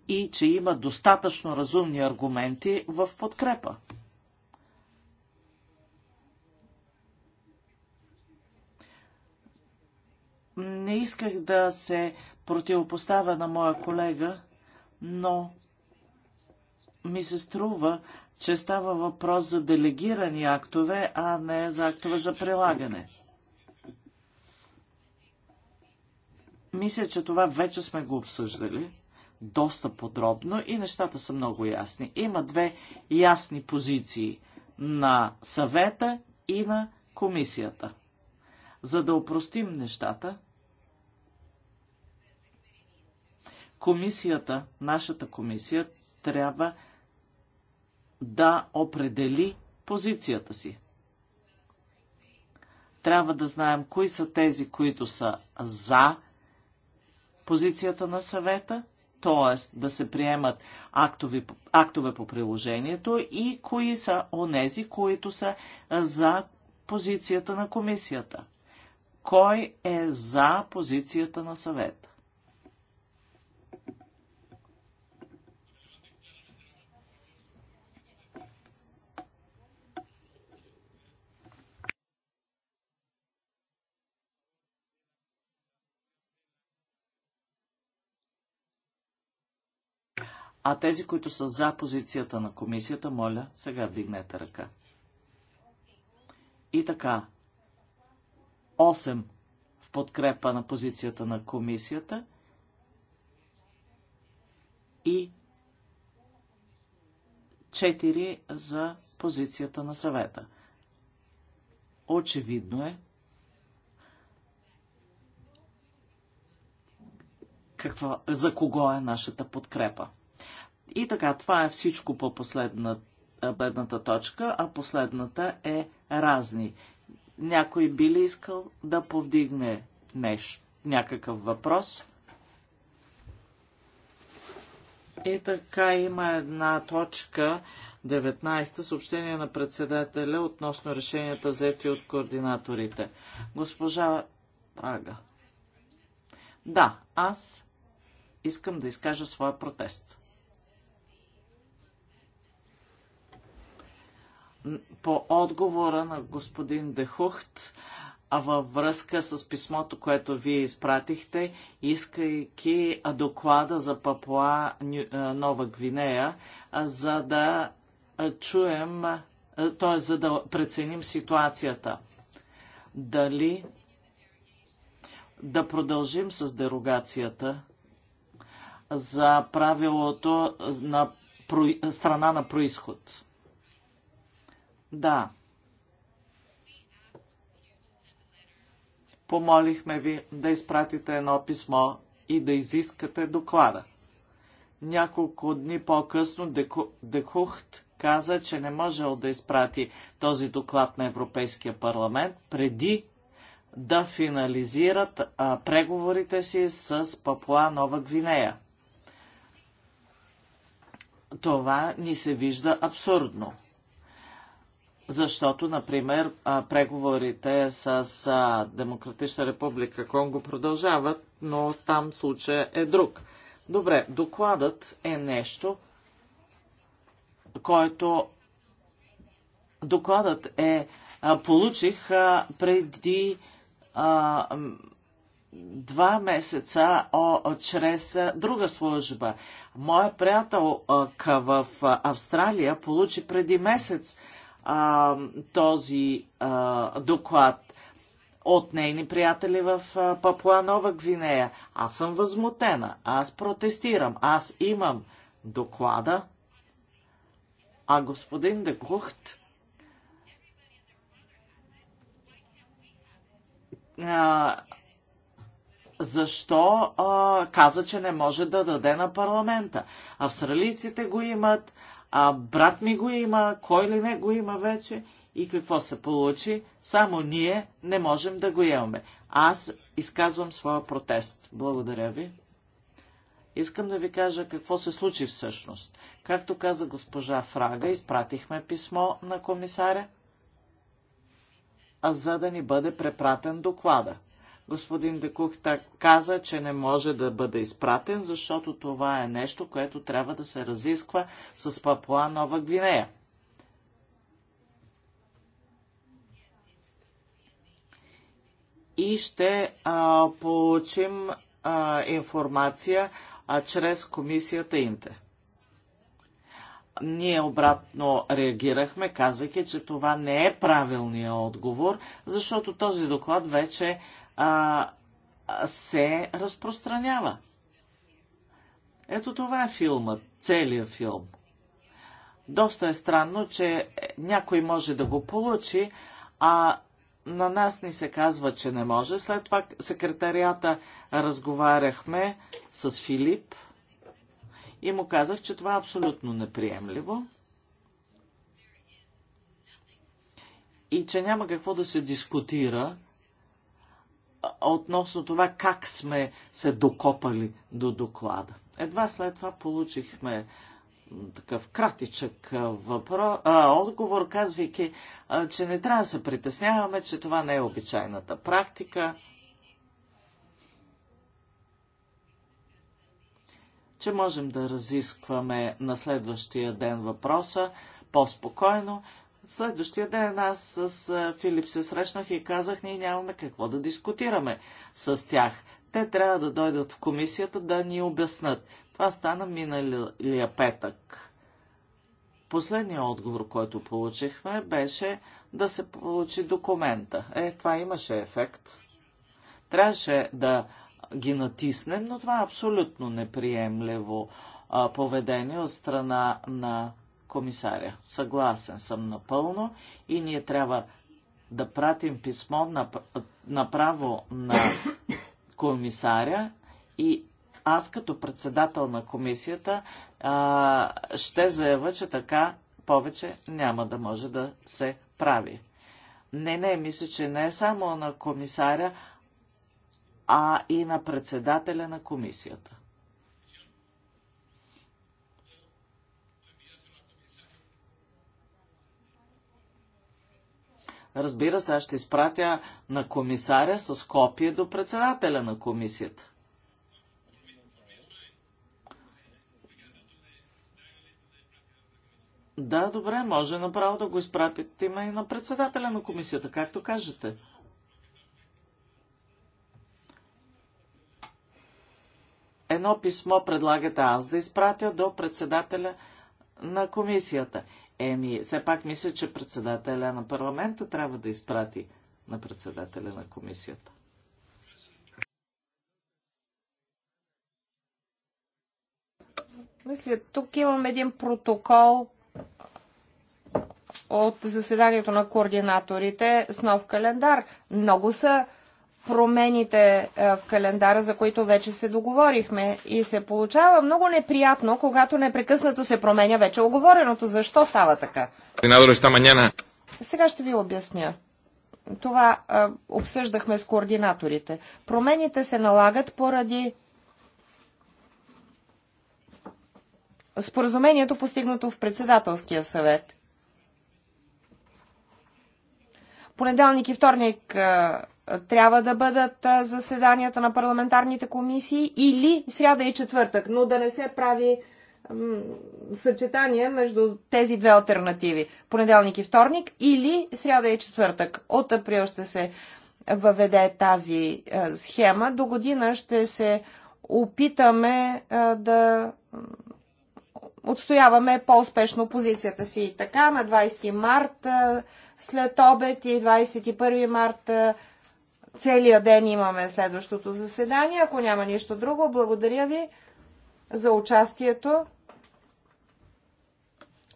и че има достатъчно разумни аргументи в подкрепа. Не исках да се противопоставя на моя колега, но ми се струва, че става въпрос за делегирани актове, а не за актове за прилагане. Мисля, че това вече сме го обсъждали доста подробно и нещата са много ясни. Има две ясни позиции на съвета и на комисията. За да упростим нещата, Комисията, нашата комисия, трябва да определи позицията си. Трябва да знаем кои са тези, които са за позицията на съвета, т.е. да се приемат актови, актове по приложението и кои са онези, които са за позицията на комисията. Кой е за позицията на съвет? А тези, които са за позицията на комисията, моля, сега вдигнете ръка. И така, 8 в подкрепа на позицията на комисията и 4 за позицията на съвета. Очевидно е, каква, за кого е нашата подкрепа. И така, това е всичко по последната точка, а последната е разни. Някой би ли искал да повдигне нещо, някакъв въпрос? И така има една точка, 19 та съобщение на председателя относно решенията взети от координаторите. Госпожа Прага. Да, аз искам да изкажа своя протест. по отговора на господин Дехухт а във връзка с писмото, което вие изпратихте, искайки доклада за Папуа Нова Гвинея, за да чуем, т.е. за да преценим ситуацията. Дали да продължим с дерогацията за правилото на страна на происход. Да. Помолихме ви да изпратите едно писмо и да изискате доклада. Няколко дни по-късно Декухт каза, че не можел да изпрати този доклад на Европейския парламент преди да финализират а, преговорите си с Папуа Нова Гвинея. Това ни се вижда абсурдно. Защото, например, преговорите с Демократична република Конго продължават, но там случая е друг. Добре, докладът е нещо, който докладът е получих преди два месеца о, о, чрез друга служба. Моя приятелка в Австралия получи преди месец а, този а, доклад от нейни приятели в Папуа Нова Гвинея. Аз съм възмутена, аз протестирам, аз имам доклада, а господин Дегухт защо а, каза, че не може да даде на парламента. Австралийците го имат, а брат ми го има, кой ли не го има вече и какво се получи, само ние не можем да го имаме. Аз изказвам своя протест. Благодаря ви. Искам да ви кажа какво се случи всъщност. Както каза госпожа Фрага, изпратихме писмо на комисаря, а за да ни бъде препратен доклада. Господин Декухта каза, че не може да бъде изпратен, защото това е нещо, което трябва да се разисква с Папуа Нова Гвинея. И ще а, получим а, информация а, чрез комисията Инте. Ние обратно реагирахме, казвайки, че това не е правилният отговор, защото този доклад вече а, се разпространява. Ето това е филмът, целият филм. Доста е странно, че някой може да го получи, а на нас ни се казва, че не може. След това секретарията разговаряхме с Филип и му казах, че това е абсолютно неприемливо и че няма какво да се дискутира относно това как сме се докопали до доклада. Едва след това получихме такъв кратичък въпрос, а, отговор, казвайки, а, че не трябва да се притесняваме, че това не е обичайната практика, че можем да разискваме на следващия ден въпроса по-спокойно Следващия ден аз с Филип се срещнах и казах, ние нямаме какво да дискутираме с тях. Те трябва да дойдат в комисията да ни обяснат. Това стана миналия петък. Последният отговор, който получихме, беше да се получи документа. Е, това имаше ефект. Трябваше да ги натиснем, но това е абсолютно неприемливо поведение от страна на комисаря. Съгласен съм напълно и ние трябва да пратим писмо направо на комисаря и аз като председател на комисията а, ще заявя, че така повече няма да може да се прави. Не, не, мисля, че не е само на комисаря, а и на председателя на комисията. Разбира се, аз ще изпратя на комисаря с копие до председателя на комисията. Да, добре, може направо да го изпратите има и на председателя на комисията, както кажете. Едно писмо предлагате аз да изпратя до председателя на комисията. Еми, все пак мисля, че председателя на парламента трябва да изпрати на председателя на комисията. Мисля, тук имам един протокол от заседанието на координаторите с нов календар. Много са промените е, в календара, за които вече се договорихме. И се получава много неприятно, когато непрекъснато се променя вече оговореното. Защо става така? Сега ще ви обясня. Това а, е, обсъждахме с координаторите. Промените се налагат поради споразумението, постигнато в председателския съвет. Понеделник и вторник а, е, трябва да бъдат заседанията на парламентарните комисии или сряда и четвъртък, но да не се прави съчетание между тези две альтернативи. Понеделник и вторник или сряда и четвъртък. От април ще се въведе тази схема. До година ще се опитаме да отстояваме по-успешно позицията си. така, на 20 март след обед и 21 март целия ден имаме следващото заседание. Ако няма нищо друго, благодаря ви за участието.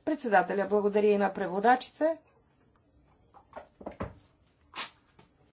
Председателя благодаря и на преводачите.